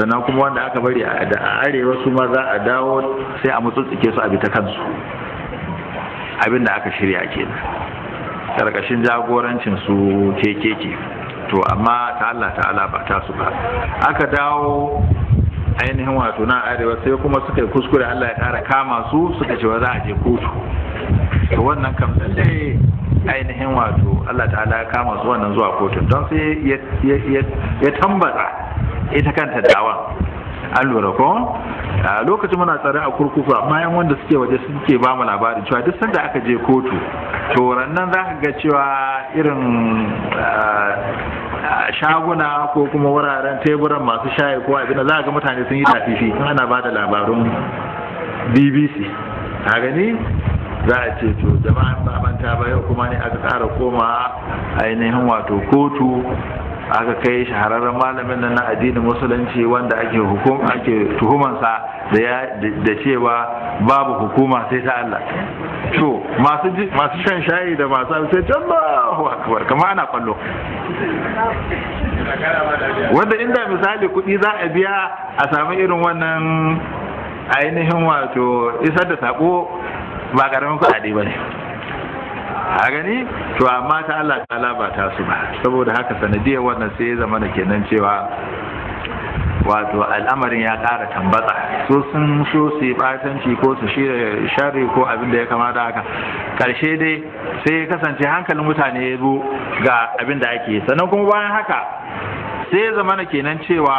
sannan kuma wanda aka bari a arewa su ma za a dawo sai a mutsutsuke su a bi ta kansu abin aka shirya kenan karkashin jagorancin su kekeke to amma ta Allah ta'ala ba ta su ba aka dawo ainihin wato na arewa sai kuma suka yi kuskure Allah ya kara kama su suka ce za a je kotu to wannan kam sai ainihin wato Allah ta'ala ya kama su wannan zuwa kotun don sai ya tambaza ita kanta dawan an lura ko a lokacin muna tsare a kurkuku amma yan wanda suke waje suke ba mu labarin cewa duk sanda aka je kotu to nan za ka ga cewa irin shaguna ko kuma wuraren teburan masu shayi ko abin da za ga mutane sun yi tafifi ana ba da labarun bbc a gani za a ce to jama'an ba manta ba yau kuma ne aka ƙara koma ainihin wato kotu aka kai shahararren malamin nan na addinin musulunci wanda ake hukum ake tuhumansa da ya da cewa babu hukuma sai ta Allah to masu masu shan shayi da masu sai Allahu akbar kuma ana kallo wanda inda misali kuɗi za a biya a samu irin wannan ainihin wato isar da sako ba karamin kuɗaɗe ba ne a gani to amma ta Allah ta'ala ba ta su ba saboda haka sanadiyar wannan sai ya zama da kenan cewa wato al'amarin ya ƙara tambata so sun so su yi ɓatanci ko su shirya shari ko abin da ya kamata haka ƙarshe dai sai ya kasance hankalin mutane ya zo ga abin da ake sannan kuma bayan haka sai ya zama kenan cewa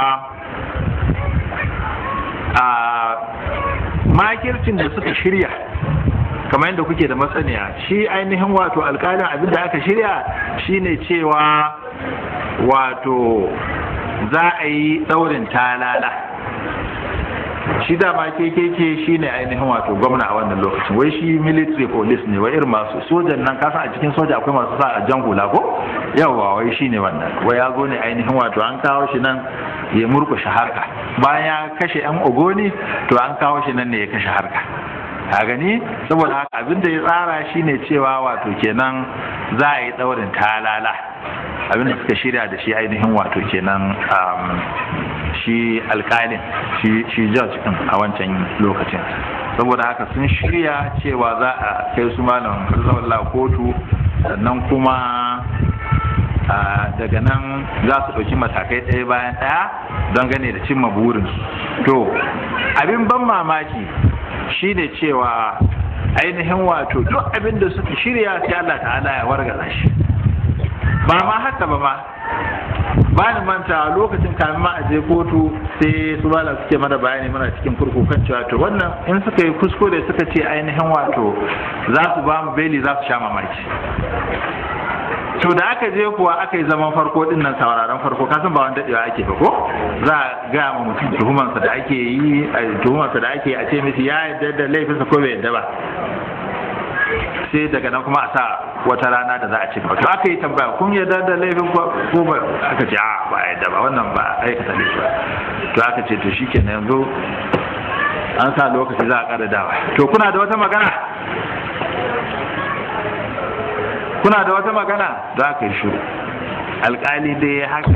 a ah, makircin da suka shirya kamar yadda kuke da matsaniya shi ainihin wato alkalin abin da aka shirya shine cewa wato za a yi tsaurin talala shi dama KKK shi ne ainihin wato gwamna a wannan lokacin wai shi military police ne wai irin masu sojan nan kasa a cikin soja akwai masu sa a jan hula ko yawa wai shi ne wannan wai ya zo ne ainihin wato an kawo shi nan ya murkushe harka bayan ya kashe yan ogoni to an kawo shi nan ne ya kashe harka ka gani saboda haka abin da ya tsara shine cewa wato kenan za a yi daurin talala abin da suka shirya da shi ainihin wato kenan um, shi alkalin shi judge din a wancan lokacin saboda haka sun shirya cewa za a kai su malam zawalla kotu sannan kuma daga nan za su ɗauki matakai ɗaya bayan ɗaya don gane da cimma burin to abin ban mamaki shine cewa ainihin wato duk abin da suka shirya sai Allah ta'ala ya wargaza shi ba ma haka ba ma ba ni manta lokacin kamin ma aje kotu sai su bala suke mana bayani mana cikin kurku kan cewa to wannan in suka yi da suka ce ainihin wato za su ba mu beli za su sha mamaki to da aka je kuwa aka yi zaman farko din nan sauraron farko kasan ba wanda daɗewa ake ba ko za a ga ma mutum tuhumarsa da ake yi tuhumarsa da ake a ce mishi ya yarda da laifinsa ko bai yadda ba sai daga nan kuma a sa wata rana da za a ce gaba to aka yi tambaya kun yadda da laifin ko ba aka ce a ba yadda ba wannan ba aikata laifi ba to aka ce to shikenan yanzu an sa lokaci za a ƙara dawa to kuna da wata magana kuna da wata magana za ka yi shiru alkali dai ya haka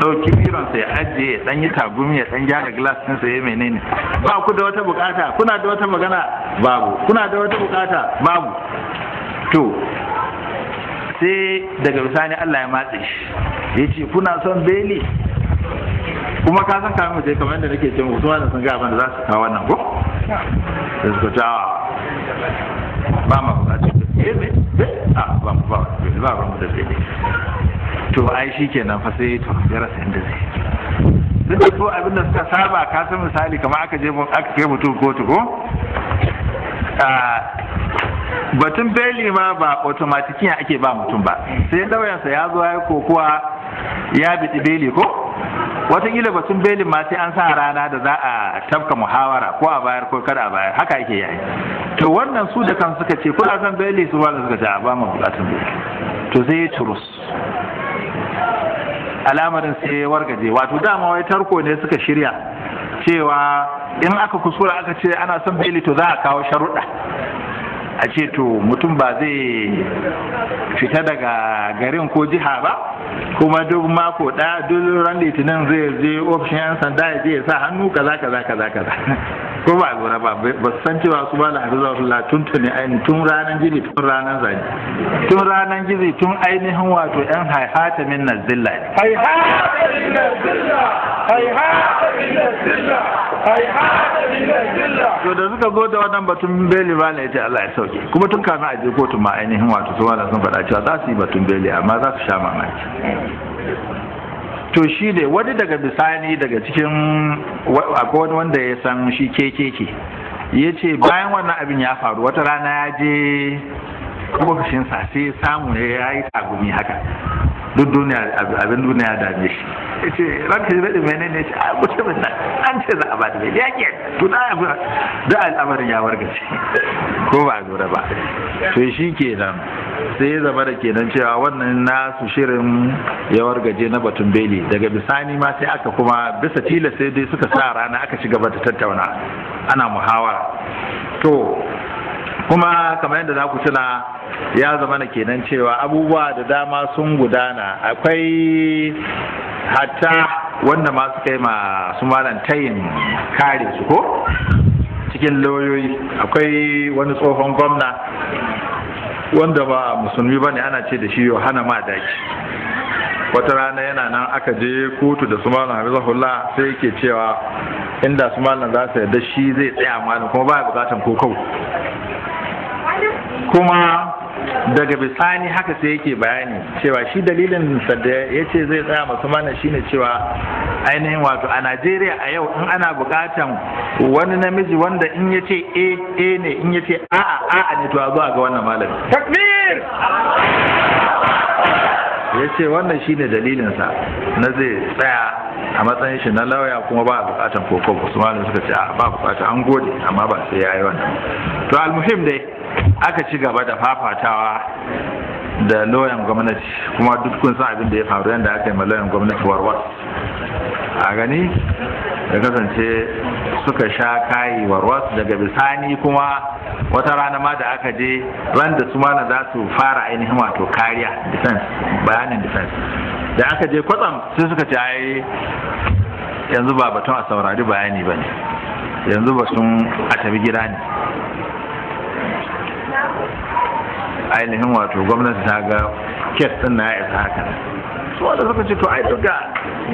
ɗauki biransa ya ajiye ya ɗan yi tagumi ya ɗan gyara glass ɗinsa ya menene ba ku da wata bukata kuna da wata magana babu kuna da wata bukata babu to sai daga bisani Allah ya matse shi ya ce kuna son beli kuma ka san kamar mutai kamar yadda nake ce kuma da sun ga abin da za su kawo wannan ko da su tawa ba ma bukatu a ah, ban ba ba ba da sai to ai shi kenan fa sai to ya rasa inda zai duk da ko abin da suka saba ka san misali kamar aka je aka kai mutum kotu ko ah, batun beli ma ba automatikiya ake ba mutum ba sai lauyansa ya zo ya kokuwa ya biɗi beli ko watakila batun belin ma sai an sa rana da za a tafka muhawara ko a bayar ko kada a bayar haka ake yayi to wannan su da kan suka ce a san beli su wanda suka ce a ba mu bukatun beli to sai ya turus alamarin sai ya wargaje wato dama wai tarko ne suka shirya cewa in aka kusura aka ce ana son beli to za a kawo sharuɗa a ce to mutum ba zai fita daga garin ko jiha ba kuma duk mako ɗaya duk ran litinin zai je ofishin yan sanda ya je ya sa hannu kaza kaza kaza kaza ko ba gura ba ba san cewa su ba da hafizahullah latun tuni ainihin tun ranar gizi tun ranar zani tun ranar gizi tun ainihin wato yan haihata min nazilla haihata min nazilla haihata min nazilla haihata min nazilla to da suka zo da wannan batun beli ba na yace Allah ya sauke kuma tun kana a je kotu ma ainihin wato su wanda sun faɗa cewa za su yi batun beli amma za su sha mamaki to shi ne wani daga bisani daga cikin akwai wanda ya san shi kekeke ya ce bayan wannan abin ya faru wata rana ya je ofishinsa sai samu ya yi tagumi haka duk duniya abin duniya dame shi ce ranta ji daɗin menene ya ce a mutumin nan an ce za a ba da mai yaƙi guda ya fi da al'amarin ya wargace ko ba a zura ba to shi kenan sai ya zama da kenan cewa wannan nasu shirin ya wargaje na batun beli daga bisani ma sai aka kuma bisa tilas sai dai suka sa rana aka ci gaba da tattauna ana muhawara to kuma kamar yadda za ku tuna ya zama na kenan cewa abubuwa da dama sun gudana akwai hatta wanda ma suka yi ma tayin kare su ko cikin lauyoyi akwai wani tsohon gwamna wanda ba musulmi ba ne ana ce da shi yohana madaki wata rana yana nan aka je kotu da su malam hamizahullah sai yake cewa inda su malam za su yarda shi zai tsaya malam kuma ba ya bukatan ko kuma daga bisani haka sai yake bayani cewa shi dalilin da ya ce zai tsaya masu mana shine cewa ainihin wato a najeriya a yau in ana bukatan wani namiji wanda in ya ce a eh, eh ne in ya ce a a a ne to a zuwa ga wannan malami takbir ya ce wannan shine dalilinsa na zai tsaya a matsayin shi na lauya kuma ba a bukatan koko usmanu suka ce ba bukata an gode amma ba sai ya yi wannan to almuhim dai aka ci gaba da fafatawa da lauyan gwamnati kuma duk kun san abin da ya faru yadda aka yi ma lauyan gwamnati warwar a gani ya kasance suka sha kayi warwas daga bisani kuma wata rana ma da aka je ran da su mana za su fara ainihin wato kariya defense bayanin defense da aka je kwatsam sai suka ce ai yanzu ba batun a saurari bayani ba ne yanzu sun a tabi gida ne ainihin wato gwamnati ta ga kes din na ya isa haka su wanda suka ce to ai duka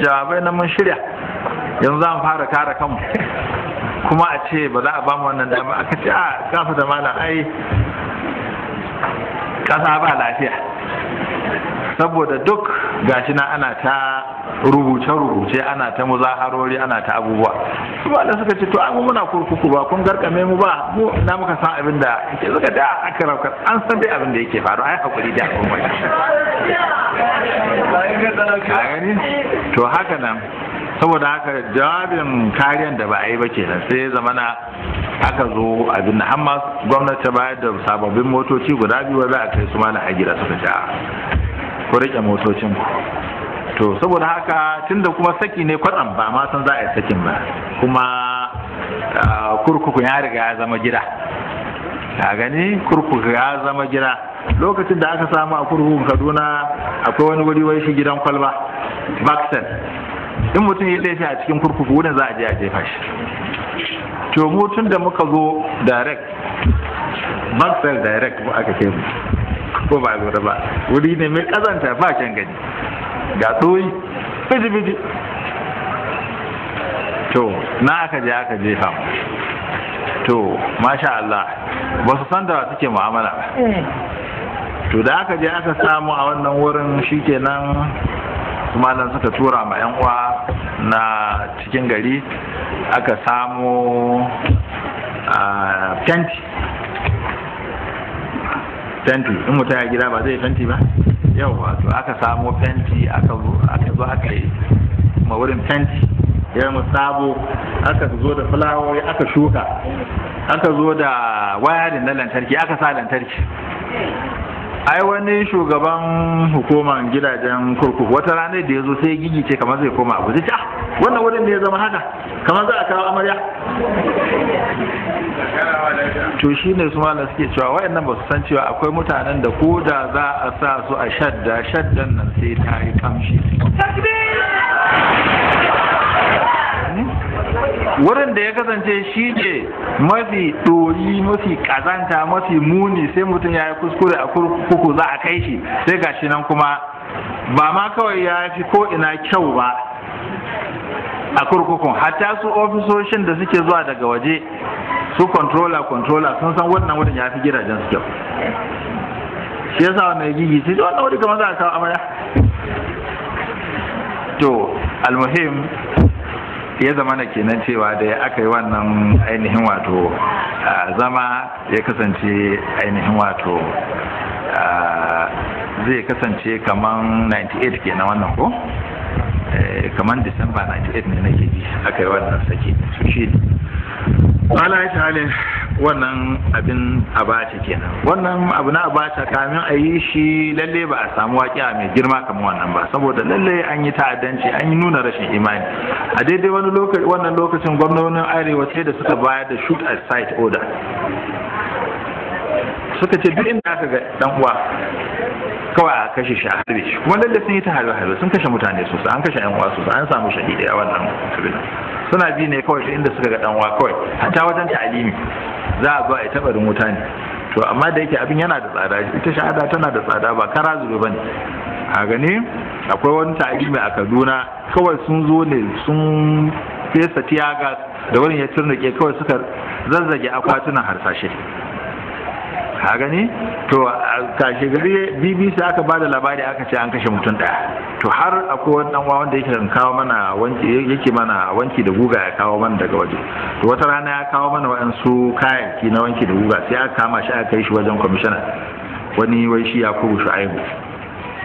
jawabai na mun shirya yanzu za mu fara kare kanmu kuma a ce ba za a ba mu wannan dama aka ce a ah, kafa da malam ai ƙasa ba lafiya saboda duk gashi na ana ta rubuce-rubuce ana ta muzaharori ana ta abubuwa su ba da suka ce to mu muna kurkuku ba kun garkame mu ba mu na muka san abin da yake suka da ah, aka raukar an san dai abin da yake faru ai hakuri da akwai a to haka nan saboda haka jawabin kariyar da ba a yi ba kenan sai zamana aka zo abin da Amma gwamnati ta bayar da sababbin motoci guda biyu za a kai su mana a gida suka ja ko rike motocin to saboda haka tunda kuma saki ne kwatsam ba ma san za a yi sakin ba kuma kurkuku ya riga ya zama gida ka gani kurkuku ya zama gida lokacin da aka samu a kurkukun kaduna akwai wani wuri wai shi gidan kwalba baksen in mutum ya laifi a cikin kurkuku wurin za a je a jefa shi to mu tun da muka zo direct maxwell direct ba aka kai ko ba da ba wuri ne mai kazanta ba can gani ga tsoyi fiji fiji to na aka je aka jefa mu to masha Allah ba su san da suke mu'amala ba eh. to da aka je aka samu a wannan wurin shikenan Kuma malam suka tura ma yan uwa na cikin gari aka samu fenti fenti in mutum ya gida ba zai fenti ba yau wato aka samo fenti aka zo aka yi ma wurin fenti ya mu sabo aka zo da fulawoyi aka shuka aka zo da wayarin na lantarki aka sa lantarki ai wani shugaban hukuman gidajen kurkuku wata ranar da ya zo sai gigi ce kamar zai koma abuja ce ah, wannan wurin da ya zama haka kamar za a kawo amarya to shi ne su malam suke cewa wayannan ba su san cewa akwai mutanen da ko da za a sa su a shadda shaddan nan sai ta yi kamshi wurin da ya kasance shi ne mafi ɗoyi mafi ƙazanta mafi muni sai mutum ya yi kuskure a kurkuku za a kai shi sai gashi nan kuma ba ma kawai ya fi ko ina kyau ba a kurkukun hatta su ofisoshin da suke zuwa daga waje su controller controller sun san wannan wurin ya fi gidajen su kyau shi yasa wannan gigi sai wannan wurin kamar za a kawo amarya to almuhim ya zama na kenan cewa da ya aka yi wannan ainihin wato zama ya kasance ainihin wato zai kasance kaman 98 kenan wannan ko eh, kaman disamba 98 ne nake ji aka yi wannan sake su shi ala ya shahale wannan abin abata kenan wannan abu na abata kamin a yi shi lalle ba a samu a mai girma kamar wannan ba saboda lalle an yi ta'addanci an yi nuna rashin imani a daidai wani lokaci wannan lokacin gwamnonin arewa sai da suka bayar da shoot at site order suka ce duk inda aka ga dan uwa kawai a kashe shi a kuma lalle sun yi ta harbe harbe sun kashe mutane sosai an kashe yan uwa sosai an samu shahidi a wannan kabilan suna bi ne kawai inda suka ga danwa kawai hatta wajen ta'alimi za a zo a taɓa mota ne to amma da yake abin yana da tsada ita shahada tana da tsada ba kara zube bane a gani akwai wani ta'alimi a Kaduna kawai sun zo ne sun fesa tiyaga da wani ya turnike kawai suka zazzage akwatunan harsashe ka gani to kashi gari bbc aka ba da labari aka ce an kashe mutum daya, to har akwai wani dan wanda yake kan kawo mana wanki yake mana wanki da guga ya kawo mana daga waje to wata rana ya kawo mana waɗansu kayayyaki na wanki da guga sai aka kama shi aka kai shi wajen commissioner wani wai shi ya kubu shu'aibu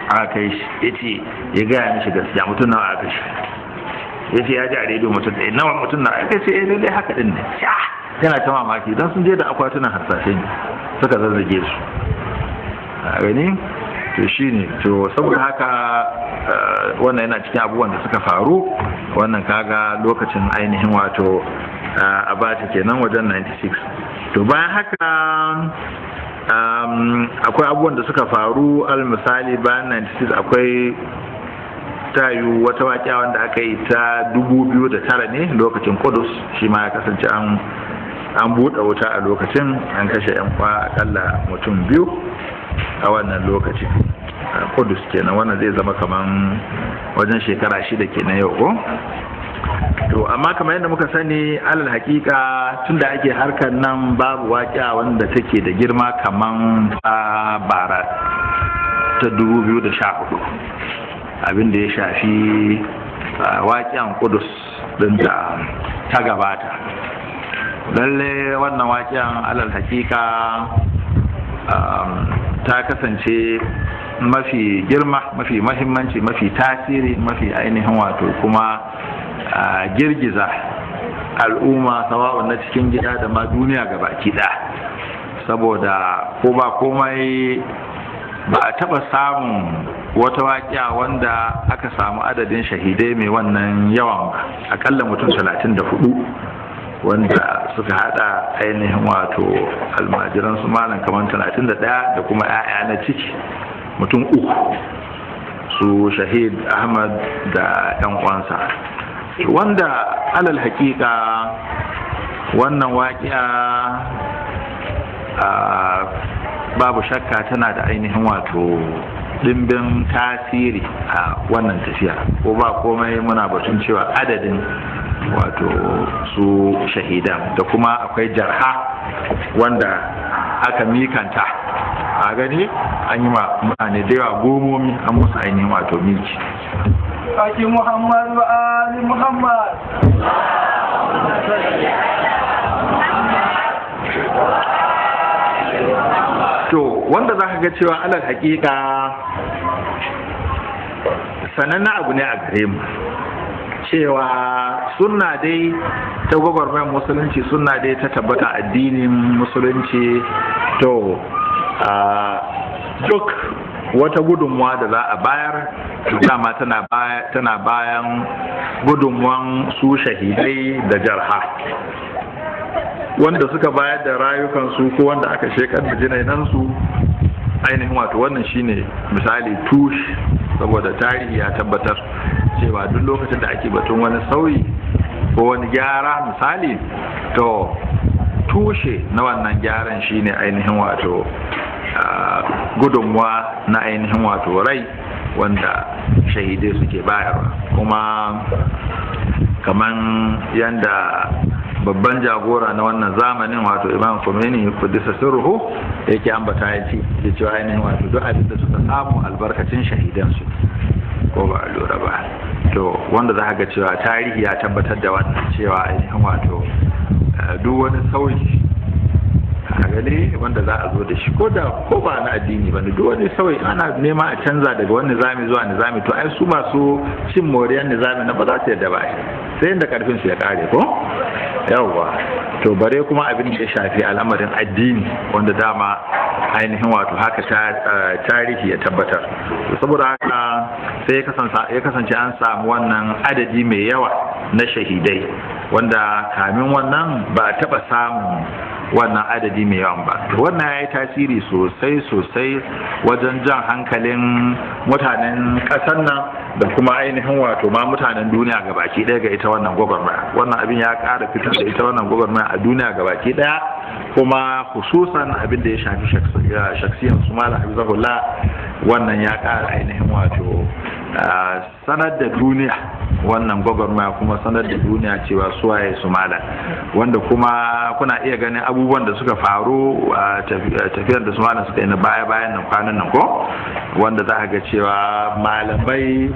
aka kai shi ya ga ya gaya mishi gaskiya mutum nawa aka shi ya ce ya ji a rediyo mutum ɗaya nawa mutum na aka ce eh lallai haka din ne yana ta mamaki don sun je da akwatunan hasashen ne suka zazzage su a gani to shi ne to saboda haka eh, wannan yana cikin abubuwan da suka faru wannan kaga lokacin ainihin wato eh, a bata kenan wajen 96 to bayan haka eh, akwai abubuwan da suka faru al misali bayan 96 akwai ta yiwu wata waƙiya wanda aka yi ta dubu biyu da tara ne lokacin kudus shi ma ya kasance an an buɗe wuta a lokacin an kashe yan kwa akalla mutum biyu a wannan lokacin kudus kenan wannan zai zama kaman wajen shekara shida kenan yau ko to amma kamar yadda muka sani alal hakika tunda ake harkar nan babu waƙiya wanda take da girma kaman ta bara ta hudu. abin da ya shafi waƙen kudus din da ta gabata lalle wannan waƙen alal hakika ta kasance mafi girma mafi mahimmanci mafi tasiri mafi ainihin wato kuma girgiza al'umma sawa'un na cikin gida da ma duniya ga baki ɗaya saboda ko ba komai ba a taɓa samun wata waƙiya wanda aka samu adadin shahidai mai wannan yawan ba akalla mutum talatin da hudu wanda suka hada ainihin wato almajiran su malam kamar talatin da ɗaya da kuma 'ya'ya na ciki mutum uku su shahid ahmad da 'yan uwansa wanda alal hakika wannan waƙiya babu shakka tana da ainihin wato dimbin tasiri a wannan tafiya ko ba komai muna batun cewa adadin wato su shahidan da kuma akwai jarha wanda aka mikanta a gani an yi mutane da yawa gomomi an musu ainihin wato milki Aki Muhammad wa Ali Muhammad. to wanda za ka ga cewa alal hakika sanannen abu ne a gare mu cewa suna dai ta gwagwarmayar musulunci suna dai ta tabbata addinin musulunci to a duk wata gudunmuwa da za a bayar dama tana bayan gudunmuwan su shahidai da jarha wanda suka bayar da rayukansu ko wanda aka shekar da jinainansu ainihin wato wannan shine misali tushe saboda tarihi ya tabbatar cewa duk lokacin da ake batun wani sauyi ko wani gyara misali to tushe na wannan gyaran shine ainihin wato ah, gudunmuwa na ainihin wato rai wanda shahidai suke bayarwa kuma kaman yanda babban jagora na wannan zamanin wato imam Khomeini kudisa sirruhu yake ambata ya ce ya ce ainihin wato duk abin da suka samu albarkacin shahidan su ko ba a lura ba to wanda za ga cewa tarihi ya tabbatar da wannan cewa ainihin wato eh, duk wani sauyi abu ne wanda za a zo da shi ko da ko ba na addini ba ne duk wani sauyi ana nema a canza daga wani nizami zuwa nizami to ai su masu cin moriyar nizami na ba za su yadda ba sai inda karfin su ya kare ko yawwa to bare kuma abin da ya shafi al'amarin addini wanda dama ainihin wato haka eh, tarihi ya tabbatar saboda haka sai ya kasance an samu wannan adadi mai yawa na shahidai wanda kamin wannan ba a taɓa samun wannan adadi mai yawan ba wannan ya yi tasiri sosai sosai wajen jan hankalin mutanen ƙasar nan da kuma ainihin wato ma mutanen duniya gabaki ɗaya ga ita wannan gwagwarmaya wannan abin ya ƙara fitar da ita wannan gwagwarmaya a duniya gabaki ɗaya kuma hususan abin da ya shafi shaksiyar su malam abizahullah wannan ya ƙara ainihin wato sanar da duniya wannan gwagwarmaya kuma sanar da duniya cewa suwaye su mala wanda kuma kuna iya ganin abubuwan da suka faru a tafiyar da su mala suka yi na baya-bayan nan kwanan nan ko wanda za a ga cewa malamai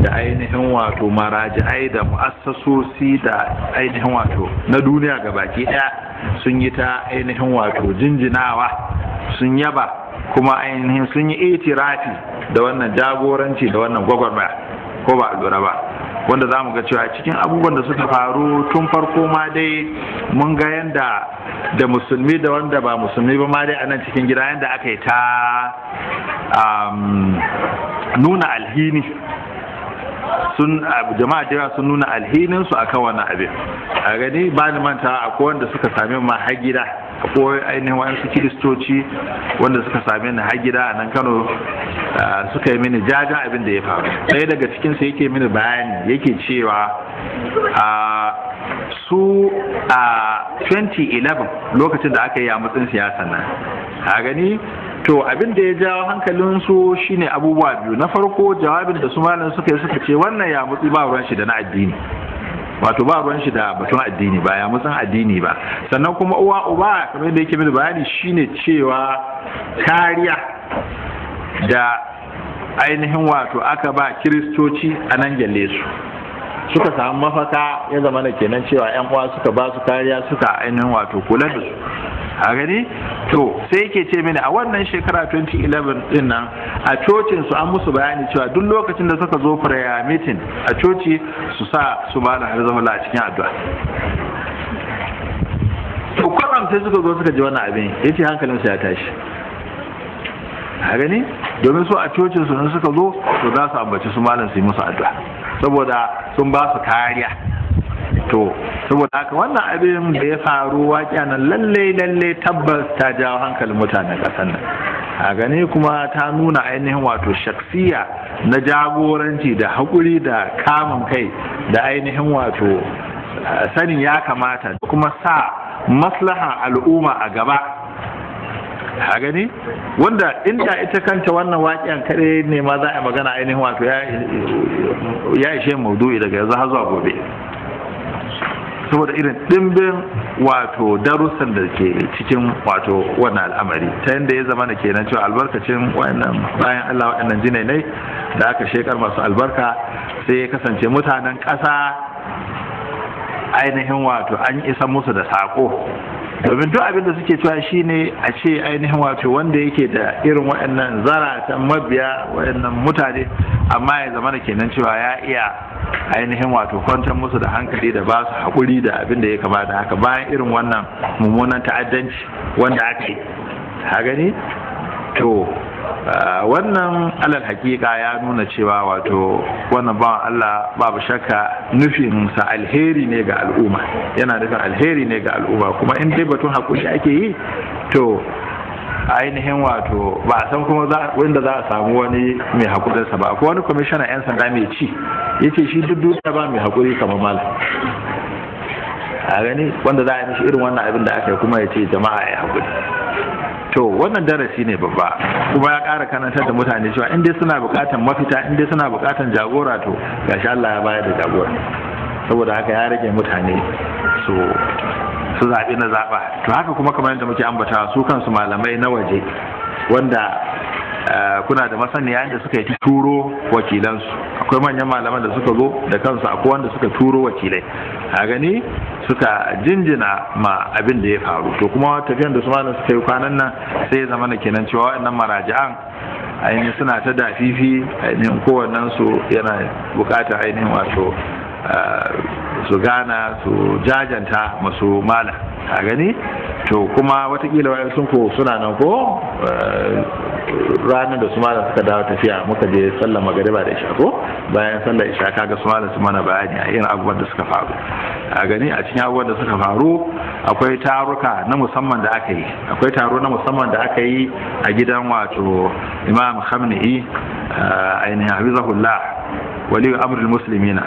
da ainihin wato maraji'ai da mu'assasosi da ainihin wato na duniya ga baki daya sun yi ta ainihin wato jinjinawa sun yaba kuma ainihin sun yi itirafi da wannan jagoranci da wannan gwagwarmaya ko ba a lura ba wanda za mu ga cewa cikin abubuwan da suka faru tun farko ma dai mun ga yanda da musulmi da wanda ba musulmi ba ma dai a nan cikin gida yanda aka yi ta nuna alhini sun jama'a da sun nuna alhinin su akan wannan abin a gani ba ni manta akwai wanda suka sami ma har gida akwai ainihin wayansu kiristoci wanda suka same ni har gida a nan kano suka yi mini jajan abin da ya faru ɗaya daga cikinsu yake mini bayani yake cewa su a 2011 lokacin da aka yi a matsin siyasa nan a gani to abin da ya jawo hankalinsu shine abubuwa biyu na farko jawabin da su malam suka yi suka ce wannan ya mutu, ba ruwan shi da na addini wato ba ruwan shi da batun addini ba ya musan addini ba sannan kuma uwa uba kamar da yake mini bayani shine cewa kariya da ainihin wato aka ba kiristoci a nan gyalle su suka samu mafaka ya zama da kenan cewa yan uwa suka ba su kariya suka ainihin wato kula da su a gani to sai yake ce mini a wannan shekara 2011 din nan a cocin su an musu bayani cewa duk lokacin da suka zo prayer meeting a coci su sa su ba da harzahula a cikin addu'a to kwaram sai suka zo suka ji wannan abin yace su ya tashi a gani domin su a cocin su suka zo to za su ambaci su malam su yi musu addu'a saboda sun ba su kariya to saboda haka wannan abin da ya faru waƙiya nan lalle lalle tabbas ta jawo hankalin mutanen ƙasar nan a gani kuma ta nuna ainihin wato shaksiya na jagoranci da haƙuri da kamun kai da ainihin wato sanin ya kamata kuma sa maslaha al'umma a gaba a gani wanda inda ita kanta wannan waƙiyan kare ne ma za a magana ainihin wato ya ishe maudu'i daga yanzu har zuwa gobe saboda irin ɗimbin wato darussan da ke cikin wato wannan al'amari ta yadda ya zama da kenan cewa albarkacin wayannan bayan Allah wayannan jinainai da aka shekar masu albarka sai ya kasance mutanen ƙasa ainihin wato an isa musu da saƙo domin duk abin da suke cewa ne a ce ainihin wato wanda yake da irin waɗannan zaratan mabiya waɗannan mutane amma ya zama da kenan cewa ya iya ainihin wato kwantar musu da hankali da ba su haƙuri da abin da ya kamata haka bayan irin wannan mummunan ta'addanci wanda aka yi to wannan alal hakika ya nuna cewa wato wannan ba Allah babu shakka nufin sa alheri ne ga al'umma yana nufin alheri ne ga al'umma kuma in dai batun hakuri ake yi to ainihin wato ba san kuma wanda za a samu wani mai hakurinsa ba ko wani kwamishina 'yan sanda mai ci yace shi duk duniya ba mai hakuri kamar malam a gani wanda za a yi mishi irin wannan abin da aka yi kuma ya ce jama'a ya hakuri to wannan darasi ne babba kuma ya ƙara karantar da mutane cewa in dai suna buƙatar mafita in dai suna buƙatar jagora to shi Allah ya bayar da jagora saboda haka ya rage mutane su su zaɓi na zaɓa to haka kuma kamar yadda muke ambata su kansu malamai na waje wanda eh, kuna da masaniya inda suka yi turo wakilansu akwai manyan malaman da suka zo da kansu akwai wanda suka turo wakilai a gani suka jinjina ma abin da ya faru to kuma tafiyan da su ma suka yi kwanan nan sai ya zama kenan cewa waɗannan maraji'an ainihin suna ta dafifi ainihin kowannen su yana bukatar ainihin wato ah, su gana su jajanta masu malam a gani to kuma watakila wayan sun ko suna nan ko eh, ranar da su malam suka dawo tafiya muka je sallar magariba da isha ko bayan sallar isha kaga su malam su mana bayani a irin abubuwan da suka faru a gani a cikin abubuwan da suka faru akwai taruka na musamman da aka yi akwai taro na musamman da aka yi a gidan wato imam khamni'i eh, ainihin hafizahullah waliyu amrul muslimina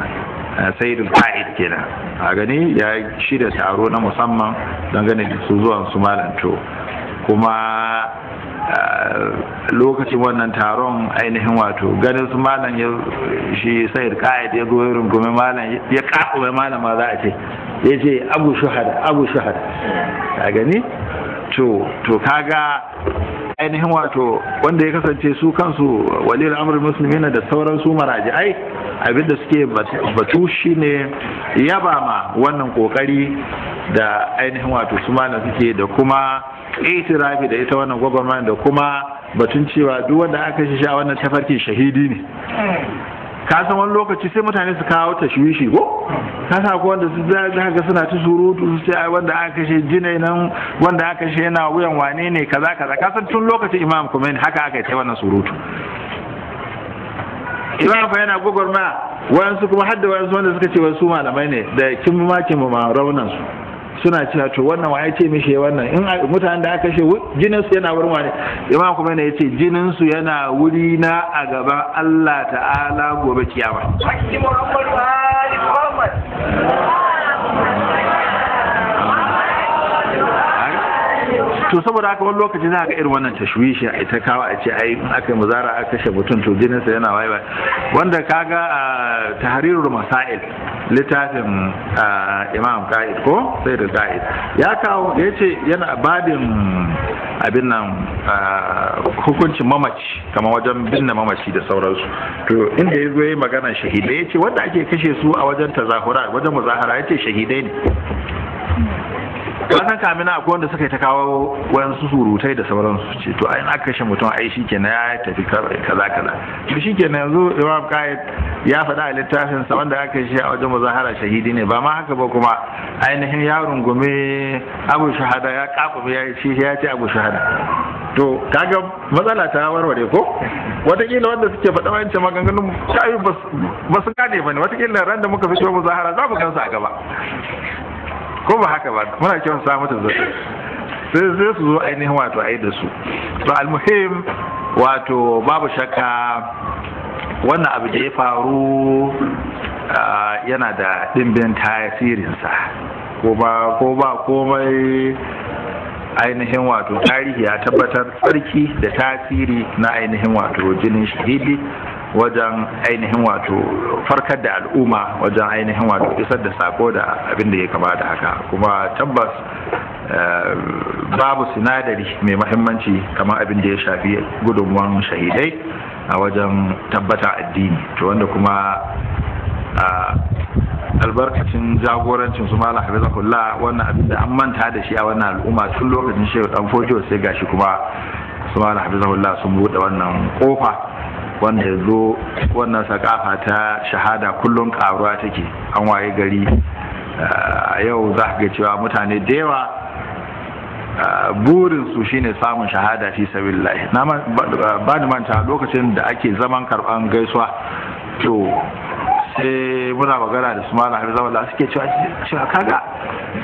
Eh, sayidul qa'id kenan a gani ya shirya taro na musamman don gane su zuwan su malanto kuma eh, lokacin wannan taron ainihin wato ganin su malam ya shi sayar ka'id ya zo gome malam ya malam ma za a ce ya ce abu shahada abu shahada a gani to to kaga ainihin wato wanda ya kasance su kansu walil Musulmi muslimin da sauran su maraji'ai da suke batu shine yaba ma wannan kokari da ainihin wato su mana suke da kuma itirafi da ita wannan gwagwarmaya da kuma batun cewa duk wanda aka shi sha wannan tafarkin shahidi ne ka san wani lokaci sai mutane su kawo tashwishi ko ka sa ko wanda su za ga suna ta surutu su ce ai wanda aka kashe jinai nan wanda aka kashe yana wuyan wane ne kaza kaza ka san tun lokacin imam Khomeini haka aka yi ta wannan surutu imam fa yana gogorma wayansu kuma hadda wayansu wanda suka ce wasu malamai ne da kin ma kin ma raunan su suna cewa to wannan wa ya ce mishi wannan in mutanen da aka ce jinin su yana wurin wani imam kuma ne yace jinin su yana wuri na a gaban Allah ta'ala gobe kiyama to saboda haka wani lokaci za ka irin wannan tashwishi a ita kawa a ce ai in aka yi muzara aka kashe mutum to jininsa yana waye wanda kaga a tahrirul masail littafin imam qaid ko sai da ya kawo ya yana babin abin nan hukuncin mamaci kamar wajen binne mamaci da sauransu to inda ya zo ya magana shahidai ya ce wanda ake kashe su a wajen tazahura wajen muzahara ya ce shahidai ne kasan kamina akwai wanda suka yi ta kawo wayansu surutai da sauransu ce to ai aka kashe mutum ai shi kenan ya tafi kaza kaza to shi kenan yanzu imam qaid ya faɗa a littafin sa wanda aka shi a wajen muzahara shahidi ne ba ma haka ba kuma ainihin ya rungume abu shahada ya kakume ya shi ya ce abu shahada to kaga matsala ta warware ko watakila wanda suke faɗa wancan maganganun ta yi ba su gane ba ne watakila ran da muka fito muzahara za mu gansa a gaba ko ba haka ba muna kyau samu ta zata sai zai su zo ainihin wato ai da su to almuhim wato babu shakka wannan abu da ya faru yana da ɗimbin tasirinsa ko ba ko ba komai ainihin wato tarihi ya tabbatar tsarki da tasiri na ainihin wato jinin shahidi wajen ainihin wato farkar da al'umma wajen ainihin wato isar da sako da abin da ya kama da haka kuma tabbas eh, babu sinadari mai mahimmanci kamar abin da ya shafi gudunmuwan shahidai a wajen tabbata addini to wanda kuma albarkacin jagorancin su mala hafizahullah wannan abin da an manta da shi a wannan al'umma tun lokacin shehu dan fojo sai gashi kuma su mala hafizahullah sun buɗe wannan kofa wanda ya zo wannan sakafa ta shahada kullum karuwa take an waye gari ah, a yau za ga cewa mutane da yawa ah, burinsu shine samun shahada fi sabin na ba ni manta lokacin da ake zaman karban gaisuwa to sai muna magana da su malam hafiz suke cewa kaga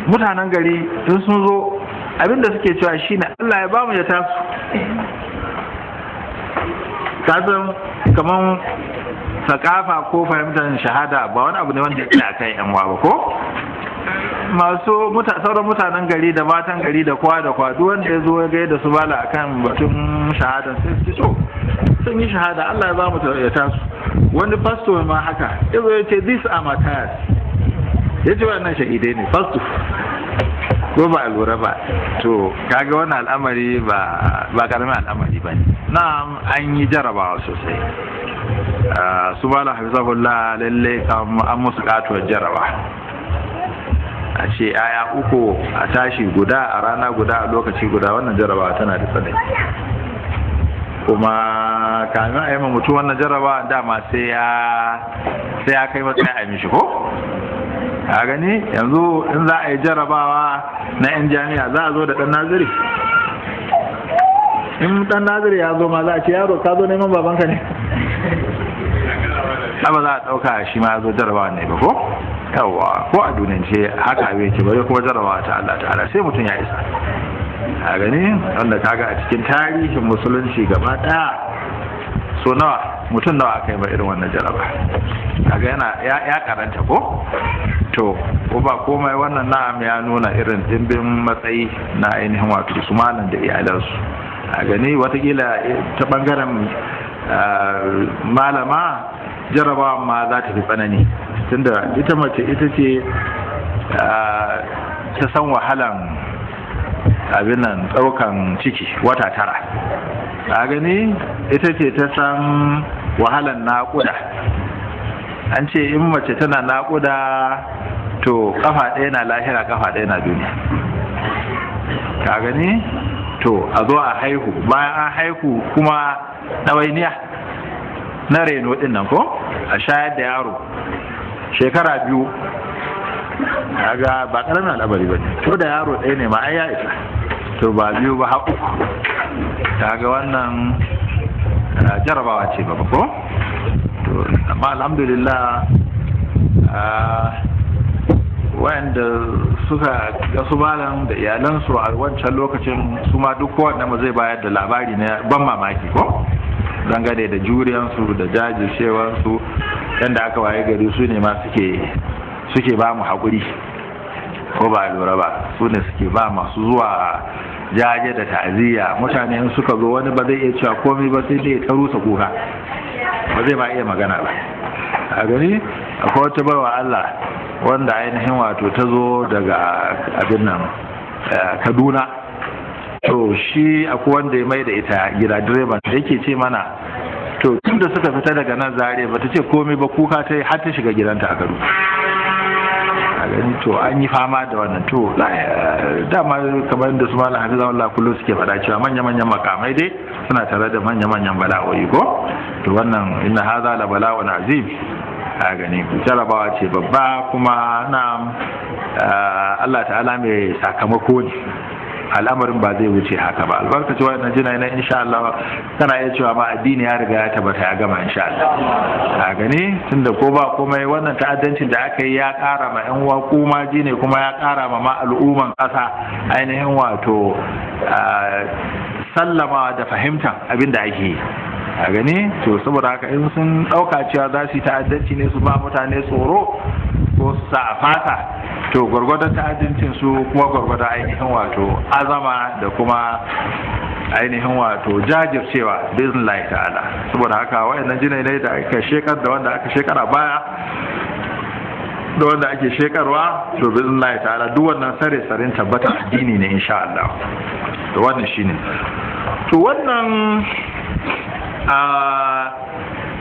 mutanen gari tun sun zo abinda suke cewa shine Allah ya bamu ya tasu kasan kaman sakafa ko fahimtar shahada ba wani abu ne wanda ya kai kan yan ba ko masu sauran mutanen gari da matan gari da kwa da kwa duk wanda ya zo ya gaida su bala akan batun shahada sai su so sun yi shahada Allah ya ba mu ta su wani pastor ma haka yazo ya ce this are my ya ce wannan shahidai ne pastor ko ba a lura ba to kaga wani al'amari ba karamin al'amari ba ne na'am an yi jarabawa sosai ah, su ba la hafizahullah lalle an musu katuwar jaraba a ce aya uku a tashi guda a rana guda a lokaci guda wannan jarabawa tana da tsanani kuma kamin a yi ma mutum wannan jaraba dama sai ya sai ya kai matsayi a mishi ko a gani yanzu in za a yi jarabawa na yan jami'a za a zo da dan naziri in dan naziri ya zo ma za a ce yaro ka zo neman babanka ne ba za a ɗauka shi ma ya zo jarabawa ne ba ko yawwa ko a duniyance haka abin ke bari kuma jarabawa ta Allah ta'ala sai mutum ya isa a gani wanda ga a cikin tarihin musulunci gaba ɗaya so nawa mutum nawa aka yi ba irin wannan jaraba kaga yana ya karanta ko to ko ba komai wannan na'am ya nuna irin dimbin matsayi na ainihin wato su malam da iyalansu a gani watakila eh, ta bangaren ah, malama jaraba ma za ta fi tsanani tunda ita mace ita ce ah, ta san wahalan abin nan ɗaukan ciki wata tara a gani ita ce ta san wahalan naƙuda an ce in mace tana naƙuda to kafa ɗaya na lahira kafa ɗaya na duniya ka gani to a zo a haihu bayan an haihu kuma na ɗawainiya na reno ɗin nan ko a shayar da yaro shekara biyu kaga ba karamin al'abari ba ko da yaro ɗaya ne ma ai ya isa to ba biyu ba haƙu kaga wannan eh, jarabawa ce ba ko to amma alhamdulillah eh, wayanda suka ga su malam da iyalansu a wancan lokacin su ma duk kowanne ma zai bayar da labari na ban mamaki ko dangane da juriyansu da jajircewarsu yadda aka waye gari su ne ma suke suke ba mu haƙuri ko ba lura ba su ne suke ba masu zuwa jaje da ta'aziyya mutane in suka zo wani ba zai iya cewa komai ba sai dai ta rusa kuka ba zai ba iya magana ba a gani akwai wata bawa Allah wanda ainihin wato ta zo daga abin nan eh, Kaduna to shi akwai wanda ya mai da ita gida direban da yake ce mana to tun da suka fita daga nan zare ba ta ce komai ba kuka ta yi har ta shiga gidanta a Kaduna a gani to an yi fama da wannan to dama kamar da su malam hafiza wallah suke faɗa cewa manya-manyan makamai dai suna tare da manya-manyan bala'o'i ko to wannan inna haza la bala'un azim a gani jarabawa ce babba kuma na eh, Allah ta'ala mai sakamako ne al'amarin ba zai wuce haka ba albarkaci wannan jina na insha Allah kana iya cewa ma addini ya riga ya tabbata ya gama insha Allah a gani tunda ko ba komai wannan ta'addancin da aka yi ya ƙara ma yan uwa kuma ji ne kuma ya ƙara ma ma al'umman ƙasa ainihin wato sallama da fahimtar abin da ake yi a gani to saboda haka in sun ɗauka cewa za su yi ta'addanci ne su ba mutane tsoro ko su sa a fata to gwargwadon ta'addancin su kuma gwargwadon ainihin wato azama da kuma ainihin wato jajircewa biznai ta'ala saboda haka wayannan jinai da aka shekar da wanda aka shekara baya da wanda ake shekarwa to biznai ta'ala duk wannan sare sarin tabbata addini ne insha Allah to wannan shine to wannan a ah,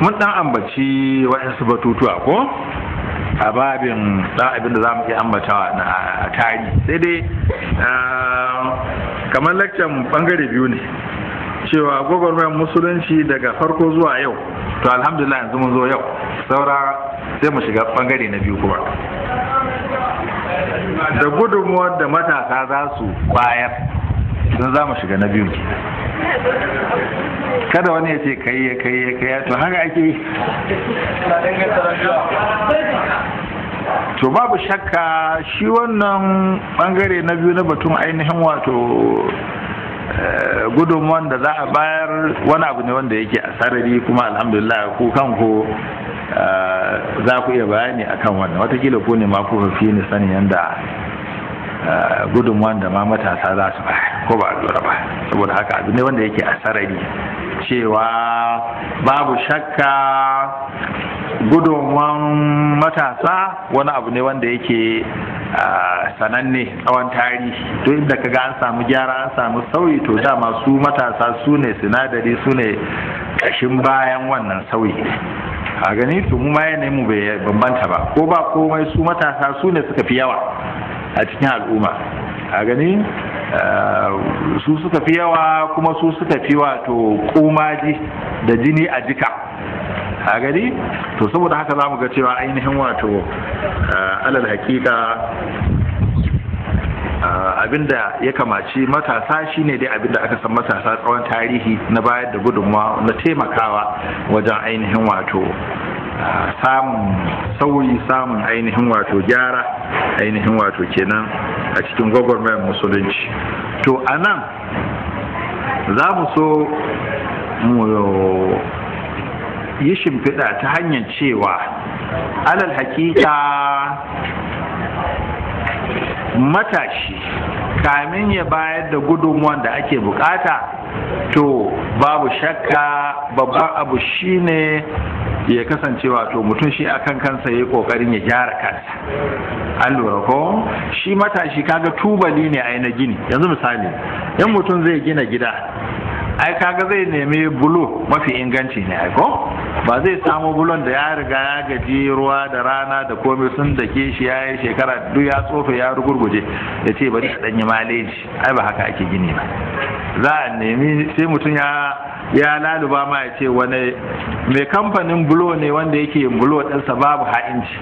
mun dan ambaci waɗansu batutuwa ko a babin da abin da za mu iya ambatawa na tari sai dai kamar lakcan bangare biyu ne cewa gwagwarmayar musulunci daga farko zuwa yau to alhamdulillah yanzu mun zo yau saura sai mu shiga bangare na biyu kuma da gudunmuwar da matasa za su bayar sun za mu shiga na biyu kada wani ya ce kai ya kai ya kai ya to haka ake to babu shakka shi wannan bangare na biyu na batun ainihin wato eh, gudunmuwan da za a bayar wani abu ne wanda yake a sarari kuma alhamdulillah ku kanku eh, za ku iya bayani akan wannan watakila ku ne ma ku fi ni sanin yadda Eh, gudunmuwan da ma matasa za su ba ko ba a lura ba saboda haka abu ne wanda yake a sarari cewa babu shakka gudunmuwan matasa wani abu ne wanda yake eh, sananne tsawon tarihi to inda kaga an samu gyara an samu sauyi to dama su matasa su ne sinadari su ne kashin bayan wannan sauyi a gani to mu ma yanayin mu bai bambanta ba ko ba komai su matasa su ne suka fi yawa a cikin al'umma a gani eh, su suka fi yawa kuma su suka fi wato kumaji da jini a jika a gani to saboda haka za mu ga cewa ainihin wato eh, alal hakika Eh, abinda ya kamaci matasa shine dai abinda aka san matasa tsawon tarihi na bayar da gudunmawa na taimakawa wajen ainihin wato eh, samun sauri samun ainihin wato gyara ainihin wato kenan a cikin gwagwarmayar musulunci to a nan za mu so mu yi shimfiɗa ta hanyar cewa alal hakika matashi kamin ya bayar da gudunmuwan da ake bukata to babu shakka babban abu shine ya kasance wato mutum shi akan kansa ya yi kokarin ya gyara kansa an lura ko shi matashi kaga tubali ne a na gini yanzu misali yan mutum zai gina gida ai kaga zai nemi bulo mafi inganci ne aiko ko ba zai samu bulon da ya riga ya gaji ruwa da rana da komai sun da shi ya yi shekara duk ya tsofe ya rugurguje ya ce bari dan yi maleji ai ba haka ake gini ba za a nemi sai mutum ya ya laluba ma ya ce wani mai kamfanin bulo ne wanda yake yin bulo ɗinsa babu ha'inci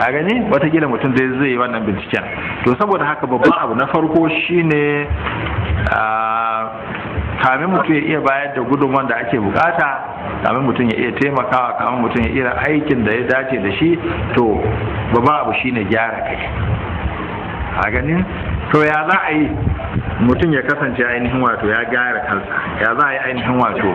a gani watakila mutum zai zai yi wannan binciken to saboda haka babban abu na farko shine ah, kamin mutum ya iya bayar da gudunmawar da ake bukata kamin mutum ya iya taimakawa kamin mutum ya iya aikin da ya dace da shi to babban abu shine gyara kai a ganin to ya za a yi mutum ya kasance ainihin wato ya gyara kansa ya za a yi ainihin wato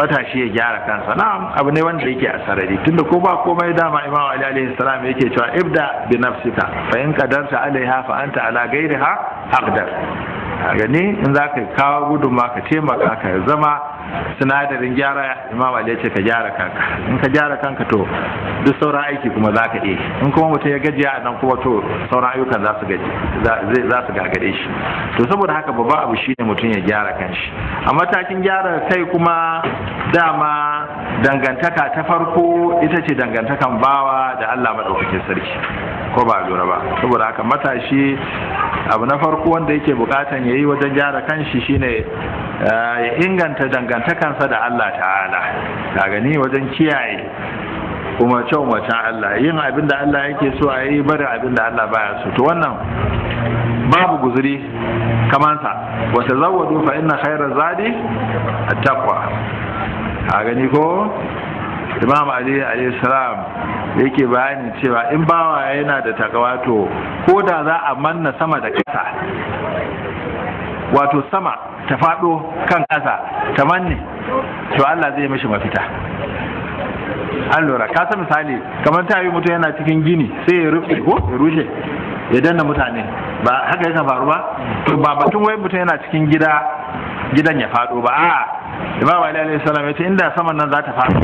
matashi ya gyara kansa na'am abu ne wanda yake a sarari tunda ko ba komai dama imam ali alaihi salam yake cewa ibda bi nafsika fa in qadarta alaiha fa anta ala ghairiha aqdar gani in zaka kawo gudunma ka taimaka ka zama sinadarin gyara imam ali ce ka gyara kanka in ka gyara kanka to duk sauran aiki kuma za ka iya in kuma mutum ya gajiya nan kuma to sauran ayyukan za su za su gagare shi to saboda haka babban abu shine mutum ya gyara kanshi a matakin gyara kai kuma dama dangantaka ta farko ita ce dangantakan bawa da Allah madaukakin sarki ko ba lura ba saboda haka matashi abu na farko wanda yake bukatan yayi wajen gyara kanshi shine eh, ya inganta dangantaka dangantakansa da Allah ta'ala ta gani wajen kiyaye kuma umarcen Allah yin abin da Allah yake so a yi bari abin da Allah baya so to wannan babu guzuri kamansa wata zawadu fa inna khairar zadi a takwa a gani ko imam ali salam yake bayani cewa in bawa yana da takawa to ko da za a manna sama da kasa wato sama ta faɗo kan ƙasa ta manne to Allah zai mishi mafita an lura ka san misali kamar ta yi mutum yana cikin gini sai ya rufe ko ya rushe ya danna mutane ba haka yakan faru ba to ba batun wai mutum yana cikin gida gidan ya faɗo ba a'a imamu ali alaihi salam ya ce inda saman nan za ta faɗo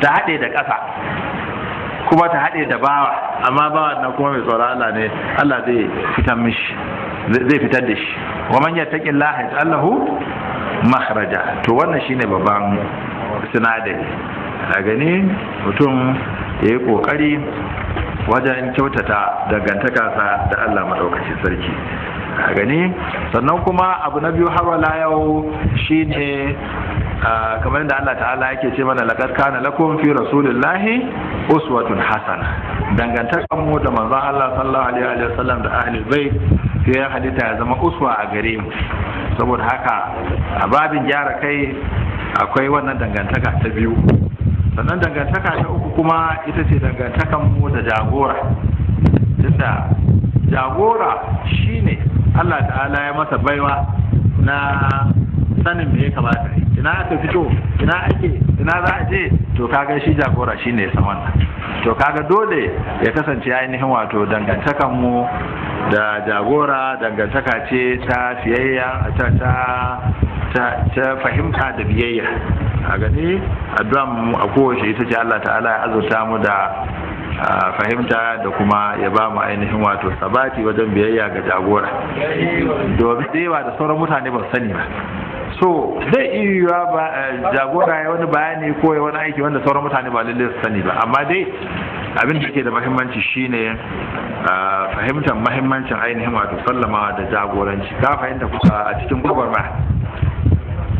ta haɗe da ƙasa kuma ta haɗe da bawa amma bawa na kuma mai tsoron Allah ne Allah zai fitar mishi zai fitar da shi wa man yattaqi Allah Allahu makhraja to wannan shine babban sinadari a gani mutum ya yi ƙoƙari. wajen kyautata dangantaka da Allah maɗaukacin sarki a gani sannan kuma abu na biyu har wala yau shine kamar da Allah ta'ala yake ce mana laqad kana lakum fi rasulillahi uswatun hasana dangantakan mu da manzon Allah sallallahu alaihi wa sallam da ahli bait sai ya halitta ya zama uswa a gare mu saboda haka a babin gyara kai akwai wannan dangantaka ta biyu sannan dangantaka ta uku kuma ita ce dangantakan mu da jagora tunda jagora shine Allah ta'ala ya masa baiwa na sanin me ya kamata ina aka fito ina ake ina za a je to kaga shi jagora shine ya saman to kaga dole ya kasance ainihin wato dangantakan mu da jagora dangantaka ce ta fiyayya ta ta ta fahimta da biyayya a gani addu'a mu a kowace ita ce Allah ta'ala ya azurta mu da fahimta da kuma ya ba mu ainihin wato sabati wajen biyayya ga jagora domin da yawa da sauran mutane ba sani ba so zai iya yiwuwa eh, jagora ya wani bayani ko ya wani aiki wanda sauran mutane ba lallai su sani ba amma dai abin da ke da mahimmanci shine fahimtar mahimmancin ainihin wato sallamawa da jagoranci ka fahimta kusa a cikin gwagwarmaya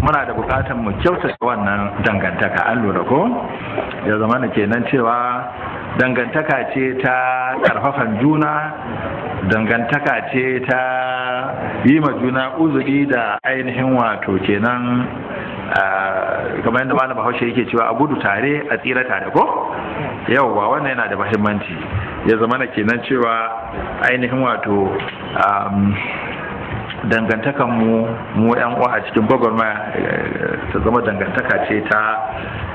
muna da bukatar mu kyautata wannan dangantaka an lura ko ya zama da kenan cewa dangantaka ce ta karfafan juna dangantaka ce ta yi ma juna uzuri da ainihin wato kenan kamar yadda malam bahaushe yake cewa a gudu tare a tsira tare ko Yau ba wannan yana da mahimmanci ya zama da kenan cewa ainihin wato dangantakan mu mu yan uwa a cikin gwagwarmaya ta zama dangantaka ce ta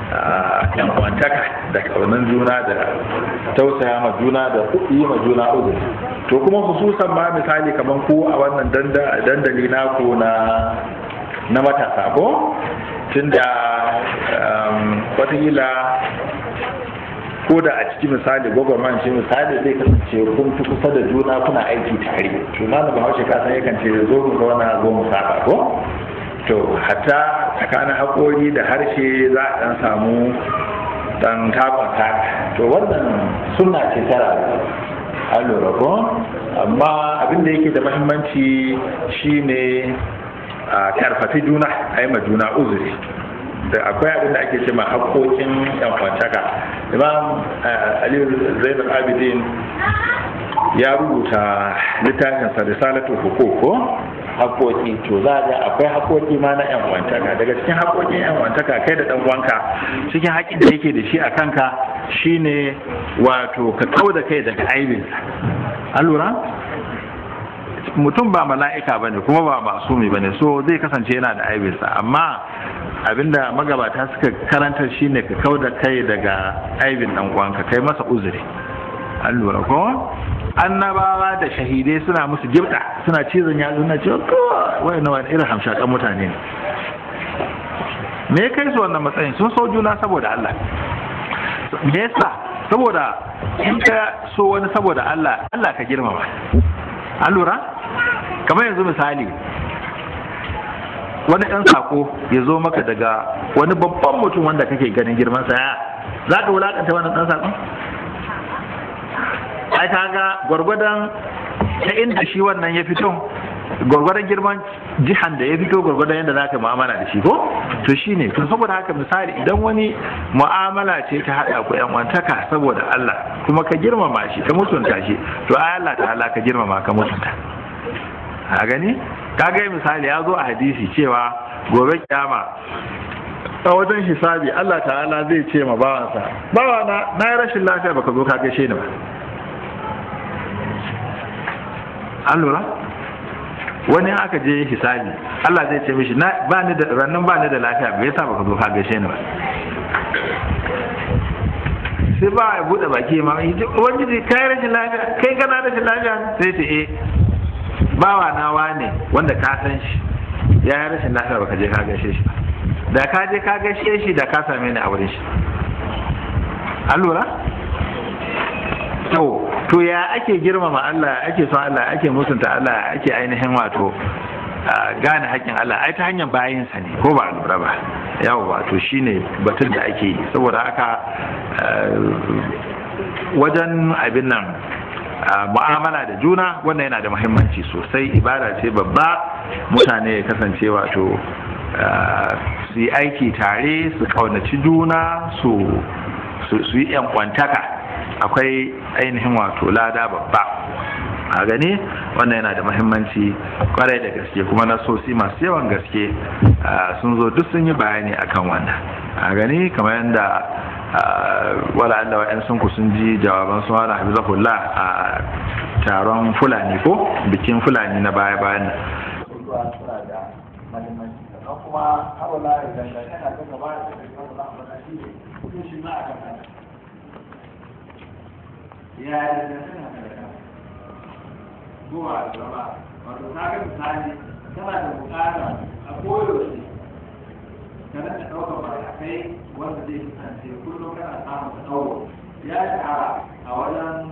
ah, yan da kaunan juna da tausaya ma juna da yi ma juna uku. to kuma hususan ma misali kamar ku a wannan dandali naku na na matasa ko da um, watakila ko da a ciki misali gwagwarman ce misali zai kasance kun fi kusa da juna kuna aiki tare to malam bahaushe ka san yakan ce zo mu zauna zo mu saba ko to hatta tsakanin haƙori da harshe za a ɗan samu ɗan takwata to wannan suna ce tara an lura amma abin da yake da mahimmanci shine a karfafi juna a yi ma juna uzuri da akwai abin da ake cewa haƙoƙin yan kwantaka imam eh, aliyu zainab abidin ya rubuta littafinsa Salatu hukuku haƙoƙi to za ga akwai haƙoƙi ma na yan kwantaka, daga cikin haƙoƙin yan kwantaka kai da ɗan wanka cikin haƙin da yake da shi a kanka shine wato ka kau da kai daga aibinsa an lura mutum ba mala'ika ba ne kuma ba masumi ba ne so zai kasance yana da aibinsa amma abinda magabata suka karanta ne ka kau da kai daga aibin dan uwanka kai masa uzuri an lura ko annabawa da shahidai suna musu jibda suna cizon yanzu na cewa ko na wani irin hamshakan mutane ne me ya kai su wannan matsayin sun so juna saboda Allah me yasa saboda in ka so wani saboda Allah Allah ka girmama an lura kamar yanzu misali wani ɗan sako ya zo maka daga wani babban mutum wanda kake ganin girman sa ya, za ka wulakanta wani ɗan sako ai ta ga gwargwadon ta inda shi wannan ya fito gwargwadon girman jihan da ya fito gwargwadon yadda za ka mu'amala da shi ko to shi ne to saboda haka misali idan wani mu'amala ce ta haɗa ku yan wantaka saboda Allah kuma ka girmama shi ka mutunta shi to ai Allah Allah ka girmama ka mutunta a gani kaga misali ya zo a hadisi cewa gobe kyama a wajen hisabi Allah ta'ala zai ce ma bawansa bawa na na yi rashin lafiya baka zo ka gaishe ni ba an lura wani aka je hisabi Allah zai ce mishi ba ni da rannan ba ni da lafiya bai baka zo ka gaishe ni ba sai ba ya bude baki ma wani kai rashin lafiya kai kana rashin lafiya sai ce eh bawa na wane wanda ka san shi ya yi rashin lafiya baka je ka gaishe shi da ka je ka gaishe shi da ka same ni a wurin shi an lura to to ya ake girmama Allah ake son Allah ake mutunta Allah ake ainihin wato gane hakkin Allah ai ta hanyar sa ne ko ba lura ba yawo wato shine batun da ake yi saboda haka eh, wajen abin nan mu'amala da juna wannan yana da muhimmanci sosai ibada ce babba mutane ya kasance wato su yi aiki tare su kaunaci juna su yi yi kwantaka akwai ainihin wato lada babba a gani wannan yana da muhimmanci kwarai da gaske kuma na sosi masu yawan gaske sun zo duk sun yi bayani akan wannan a gani kamar yadda Ah, wala da wa'yan sun ku sun ji jawaban su wala hafizahullah a taron fulani ko bikin fulani na baya bayan da da Ya zuwa gaba wato na ga misali tana da bukata a koyaushe kada ka ɗauka ba a kai wanda zai kusance kullum kana samun ka ɗauro ya yi a wajen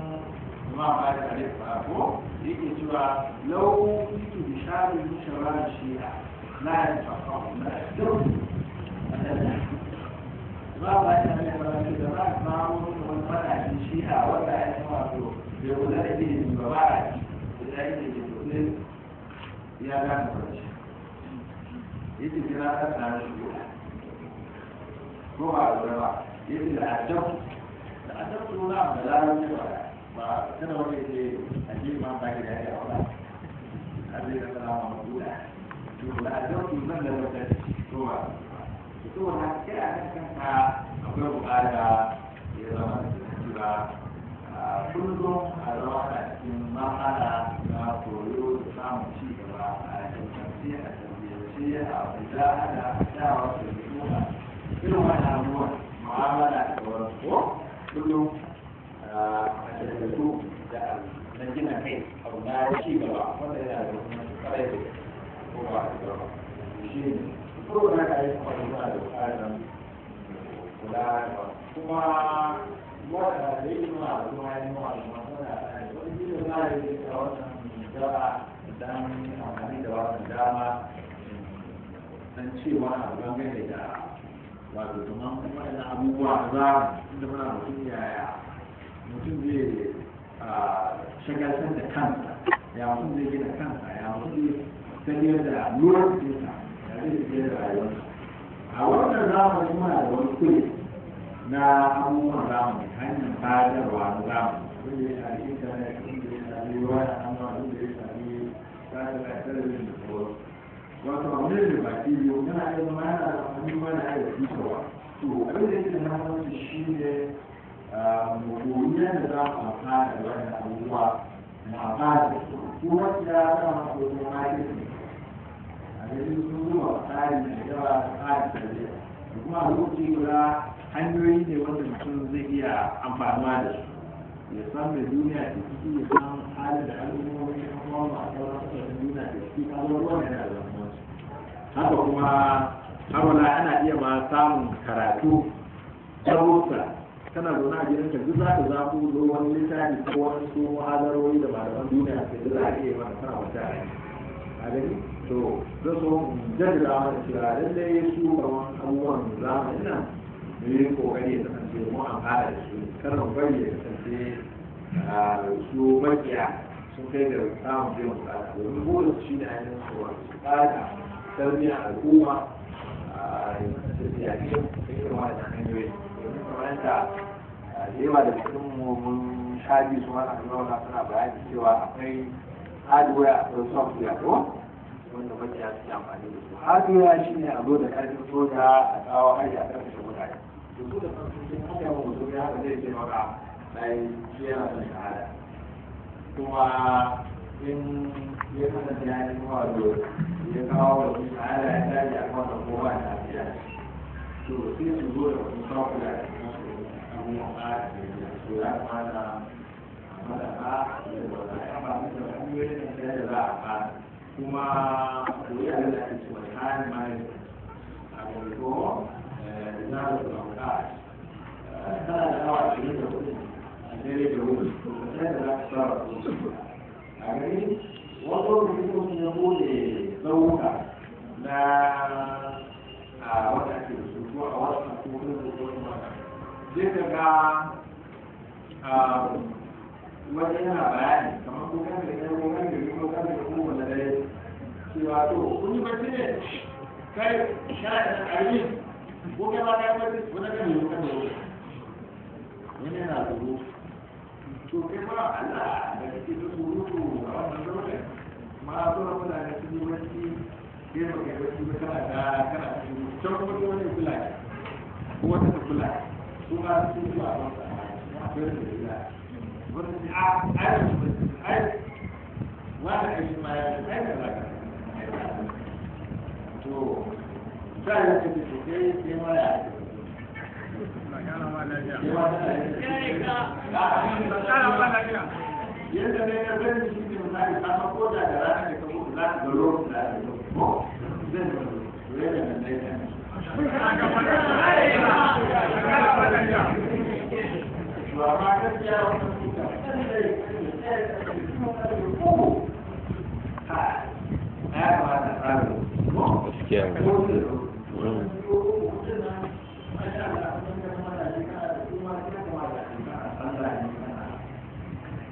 imam ba da alif ba ko yake cewa lau yake bishari musharar shi'a na yin fafafu na duk ba ba ya yi ba da za a samu wani matakin shi'a wanda ya yi wato bai kula da ilimin ba ba a ci da ya yi da ke ya gane ba shi yake kira ta tsarin shi'a ربع العلماء يقول لعجبت لعجبت نعم لا يمكن ما كان وجه اللي أجيب ما باقي لها يا أولاد هذه الكلام مقبولة لعجبت من لم تجد ربع يقول هذا كان كان أقول هذا إذا ما تجد kullum a zama a cikin mahala na koyo da samun ci gaba a yankin a tafiyarce a fita da dawa irin wani abubuwa mu'amala da wani ko kullum da su da na gina kai abu na ci gaba wanda yana da kwarai da ko ba da gaba shi ne ko na ka yi kwarai da da bukatar kula da kuma wanda da yi nuna da kuma yi nuna da kuma suna da wani gina a yi da wannan gaba dan amfani da wannan dama dan cewa a bangare da wato kamar waɗannan abubuwa za da muna mutum yaya mutum zai shagaltar da kansa ya mutum zai gina kansa ya mutum zai tafiyar da lokacinsa ya zai tafiyar da rayuwarsa a wannan zamani muna da wani kuri na abubuwan zamani hanyar sadarwa na zamani wanda ya shafi intanet wanda ya shafi wani amma wanda ya shafi sadarwa da talabijin da sauransu wato abu ne da baki yau yana iya zama yana da amfani ma na iya cutarwa to abin da yake da mahimmanci shi ne ah, moriya da za mu amfana da abubuwa na ba ko wata ya zama ko kuma ma'aikata a yanzu sun zuwa tsari da yawa tsari da yawa kuma a lokaci guda hanyoyi ne wanda mutum zai iya amfanuwa da su ya san da duniya da ciki ya san halin da al'ummomi kuma masu sauran duniya da ciki a ruwan da zama haka kuma harwala ana iya ma samun karatu rusa kana zaune a gidanka duk za ka zafi zo wani littafi ko wani su hadarori da malaman duniya ke da za a iya maka kana wata a gani to zan so jaddada mana cewa lallai su kaman abubuwan zamani nan mu yi kokari ya kasance mu fara da su kar mu bari ya kasance su makiya sun kai da samun biyan bukata domin bude shi ne ainihin su wani su tarbiyyar al'umma a yakin da da cikin mun shaji su wani al'umma suna bayani cewa akwai hardware software suke amfani da su hardware shi ne a zo da karfin soja a tsawo har ya karfashe mutane su da sun yawan mutum ya haka zai shi yana son shahada kuma in ya kasance ya yi wato ya kawo da su ala ya dace a kwata kowa ya lafiya to sai su zo da su sa kula da su abubuwan ƙara da su ya kamata malaka da wata ya ba mu da hanyoyin da za a ba kuma koyi a da ake cewa time management a gwamnati za a ɗauka tana da awa ashirin da hudu a dare da hudu to kasance da za ka fara a gani wasu rubutu mutum ya bude zauka na a wata ke rubutu a wasu kuma rubutu wata zai ka ga wani yana bayani kamar ko kan da ya ko kan da ya kan da ya ko wanda da ya cewa to kun yi bacci ne kai kana da ƙarfi ko kai ba ka yi bacci wani kan da ko kan da wani yana zuru to kai ba Allah da kake da a wannan lokacin ma zuwa muna da cikin wani kai kana da kana cikin can kuma wani kula ko wata ta kula su su ba ba ba ba yadda ne ya zai shi ne mai kama ko da da rana ne kamo za ka garo da da ko zai da dole da nan dai kan ba ba ta ya wata kuka ha ya ba ta tsaro ko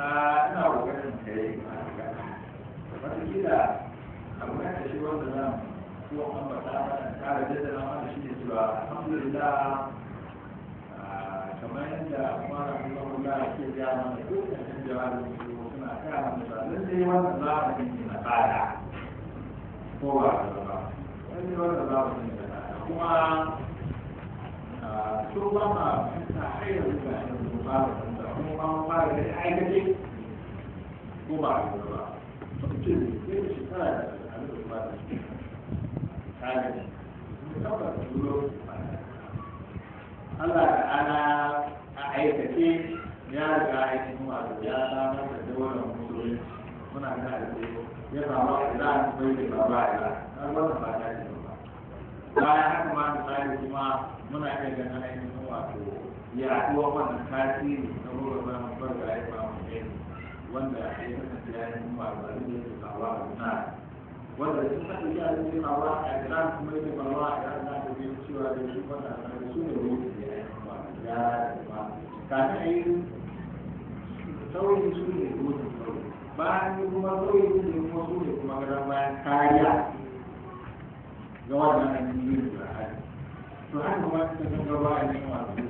ina kokarin ta yi wata kila abu ya shi wanda nan ko an ta kara jaddada mana shi ne cewa alhamdulillah ah, kamar yadda mara kuma kula ke gaya mana ko kan jawabin su suna kaya mana ba lallai wannan zamanin ne na baya ko ba ba lallai wannan zamanin ne na baya kuma ah, su ba ma fita hayar da ba da kuma ba fara da aikace ko ba a yi ba mutum ne zai shi tana da hannun ba da shi tare da duro Allah da ana a aikace ya riga aikin wato ya samar da daular musulunci muna ga alƙe ya samu ila bai da baba ila har wannan ba ta yi ba bayan haka ma misali kuma muna iya ganin aikin wato yaduwa wannan tasiri na ruwa ba mu bar da ya ba mu kai wanda ya kasance ya yi ba ba da ya ta wa na wanda sun san ya yi ta wa a gran kuma ya ba wa a gran na da ya cewa da shi wannan da su ne ne ya yi ba ya ba ka sai sauri su ne mutum sauri bayan yi kuma sauri su ne kuma su ne kuma garan bayan kariya ga wannan yin da hali to haka kuma ta gaba ne masu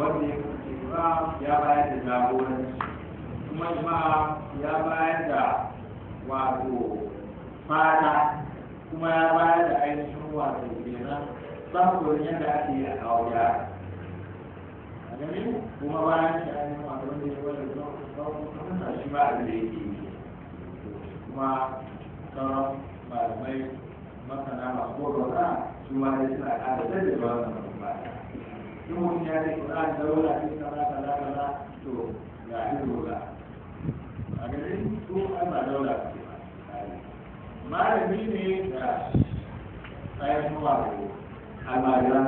wanda ya kasance imam ya bayar da jagoranci kuma ya bayar da wato fata kuma ya bayar da ainihin wato kenan saboda yadda ake yi a kawo yara a gani kuma bayan shi ainihin wato wanda ya bayar da jagoranci shi ba da yake yi kuma sauran malamai masana masu kogon su ma suna da wannan duk wani ya ce ba a zaura ne kaza kaza kaza to ga ido ga a garin su an ba zaura ce malami ne da kayan zuwa da almajiran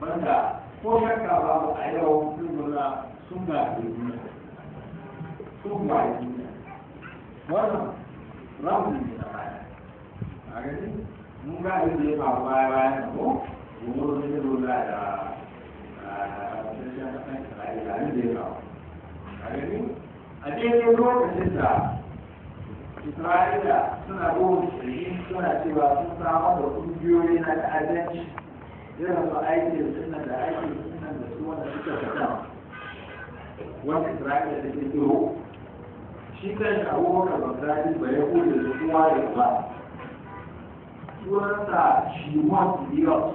wanda ko shakka ba a yau dubula sun ga duniya sun ga duniya wannan ramin ne na baya a garin mun ga abin da ya faru baya bayan ko umar da zai lura da isra'ila da a a lokacin da isra'ila suna ruwan shirin suna cewa sun samar da kungiyoyi na ta'addanci irin su aikin suna da aikin suna da su wanda suka fita wanda isra'ila da ke tsoro shi kan shi abubakar bagdadi ba ya kuɗe da kowa ya ba sunansa shimon dios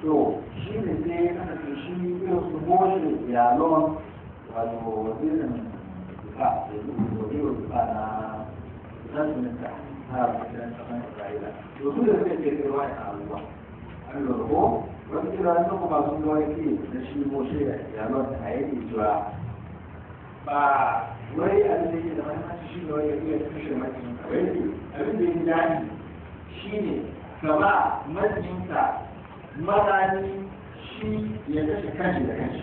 to shi ne sai aka ce shi irin su moshe wato wazirin fa da yi wazirin fa na zasininta har wajen kasan isra'ila to su da suka ke kirwa a abubuwa an lorko wasu kira sun kuma sun ga wani na shi moshe yalon a yake cewa ba wai abin da yake da mahimmanci shi ne wai ya iya tushe mafi abin da ya dace shi ne gaba mazinsa marani shi ya kashe kanshi da kanshi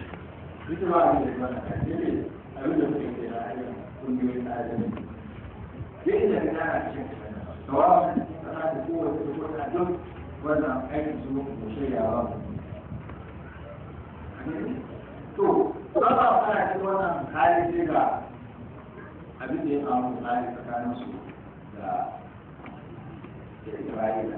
duk ba a yi da wani kanshi ne abin da kuke kira a yau kungiyoyin adalci duk da ka kana cikin gaba kana da kowace da kowace duk wannan aikin su ko shiryawa to ba ba kana cikin wannan hali sai ga abin da ya samu hali tsakanin su da Isra'ila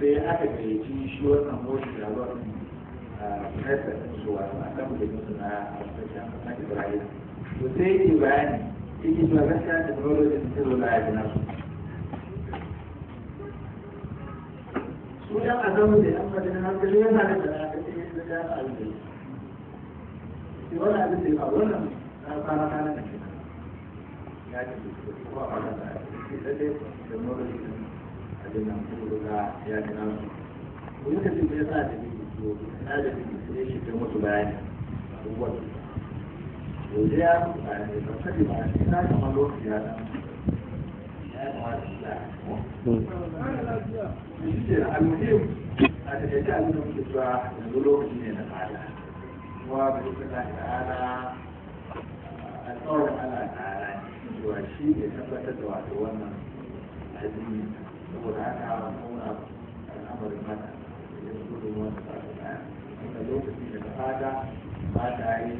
sai aka gayyaci shi wannan moshi da ruwan kasa su wasu a kan da musu na na Ibrahim. To sai yake bayani yake cewa gaskiya technology ta zo laya da nasu. Su ɗan azamu da ɗan madina na kalli yana da ɗan kasance da ɗan azamu. Sai wani abin da ya faru wannan na kwana kwana na shi. Ya ce, ko a kwana da ɗan technology abin nan kuma ya gina su ko muka ji ya sa da biki to na da biki sai shi ta musu bayani abubuwan to ya musu bayani ba sai ba sai na kamar lokaci ya dan ya kamata su da shi ce almuhim a takaice abin da muke cewa yanzu lokaci ne na tsada kuma ba duka ta ta'ala a tsawon ala ta'ala ne cewa shi ne tabbatar da wato wannan addini والآن يعرفون الأمر المنع يقولون الآن أن لوكس من الأفادة ما تعي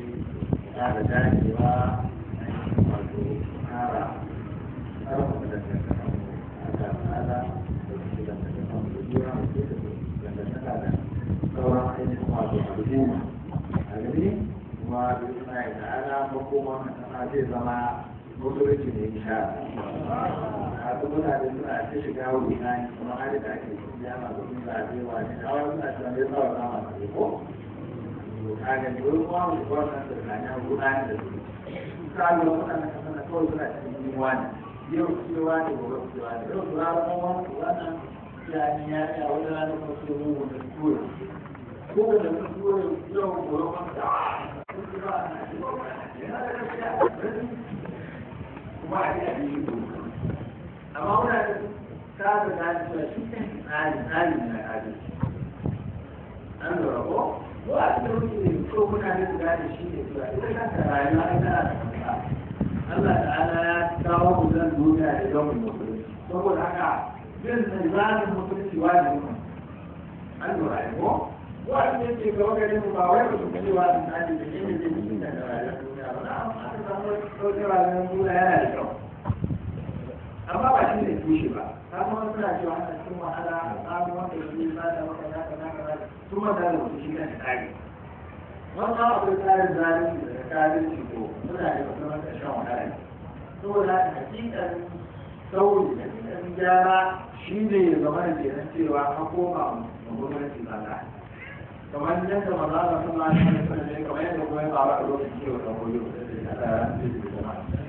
هذا ذلك وبإذن الله تعالى حكومة هذه الزمان مدرجة إن شاء الله a kuma da suna ta shiga wuri na ne kuma har da ake cikin jama kuma ba a bai wa ne a wani suna tunanin tsawa ba ma su ko a ga ne wani kuma wani kuma suna tunanin gudanar da su kawo suna na kasana kawai suna cikin wani yau cewa ne gobe cewa ne yau tura kuma wani wannan yani ya ya wani rana kuma su yi wani tura ko da su tura yau gobe kuma da kuma a yi kuma a yi amma muna ta da gani shi kan tsarin na kaji an lura ko ko a cikin rukuni ko mutane su gane shi ne cewa ita kanta rayuwa ai tana da kanta Allah ta'ala ya kawo mu zan duniya da don mu musulunci saboda haka bin zalim musulunci wajibi ne an lura ko ko a cikin ce gaba gare mu ba wai mutum kace wa da tsari da shi ne zai yi da rayuwa duniya ba na amma da samu rayuwar duniya yana da kyau amma ba shi ne tushe ba ta kuma suna cewa ana cikin wahala a tsarin wanda ya yi ba da wata za ka za ka su ma da wasu shi kan tsari wanda akwai tsarin zalunci da tsarin ciko suna da wata wata shan wahala ne saboda hakikan sauri da hakikan gyara shi ne ya zama da kenan cewa ka koma ma gwamnati ba za kamar yadda za da suna da kamar yadda kuma ya faru a lokacin yau da koyo da ta da jama'a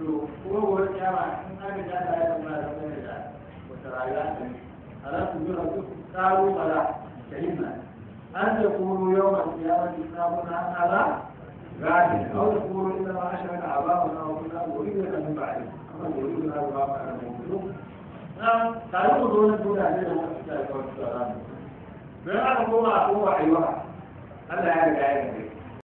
to kowar kyawa in aka ja da ya zama da zama da wata rayuwa ta ne ala su yi rasu karo bala da himma an da kuro yau masu yawa da sabon na ala gadi a wata kuro ina ma ashe da abawa na wata na gori da kan ba ne amma gori da ba ba na mutu na tare ku zo na tura ne da wasu da kawai su da ramu don aka koma a kowa aiwa Allah ya riga ya riga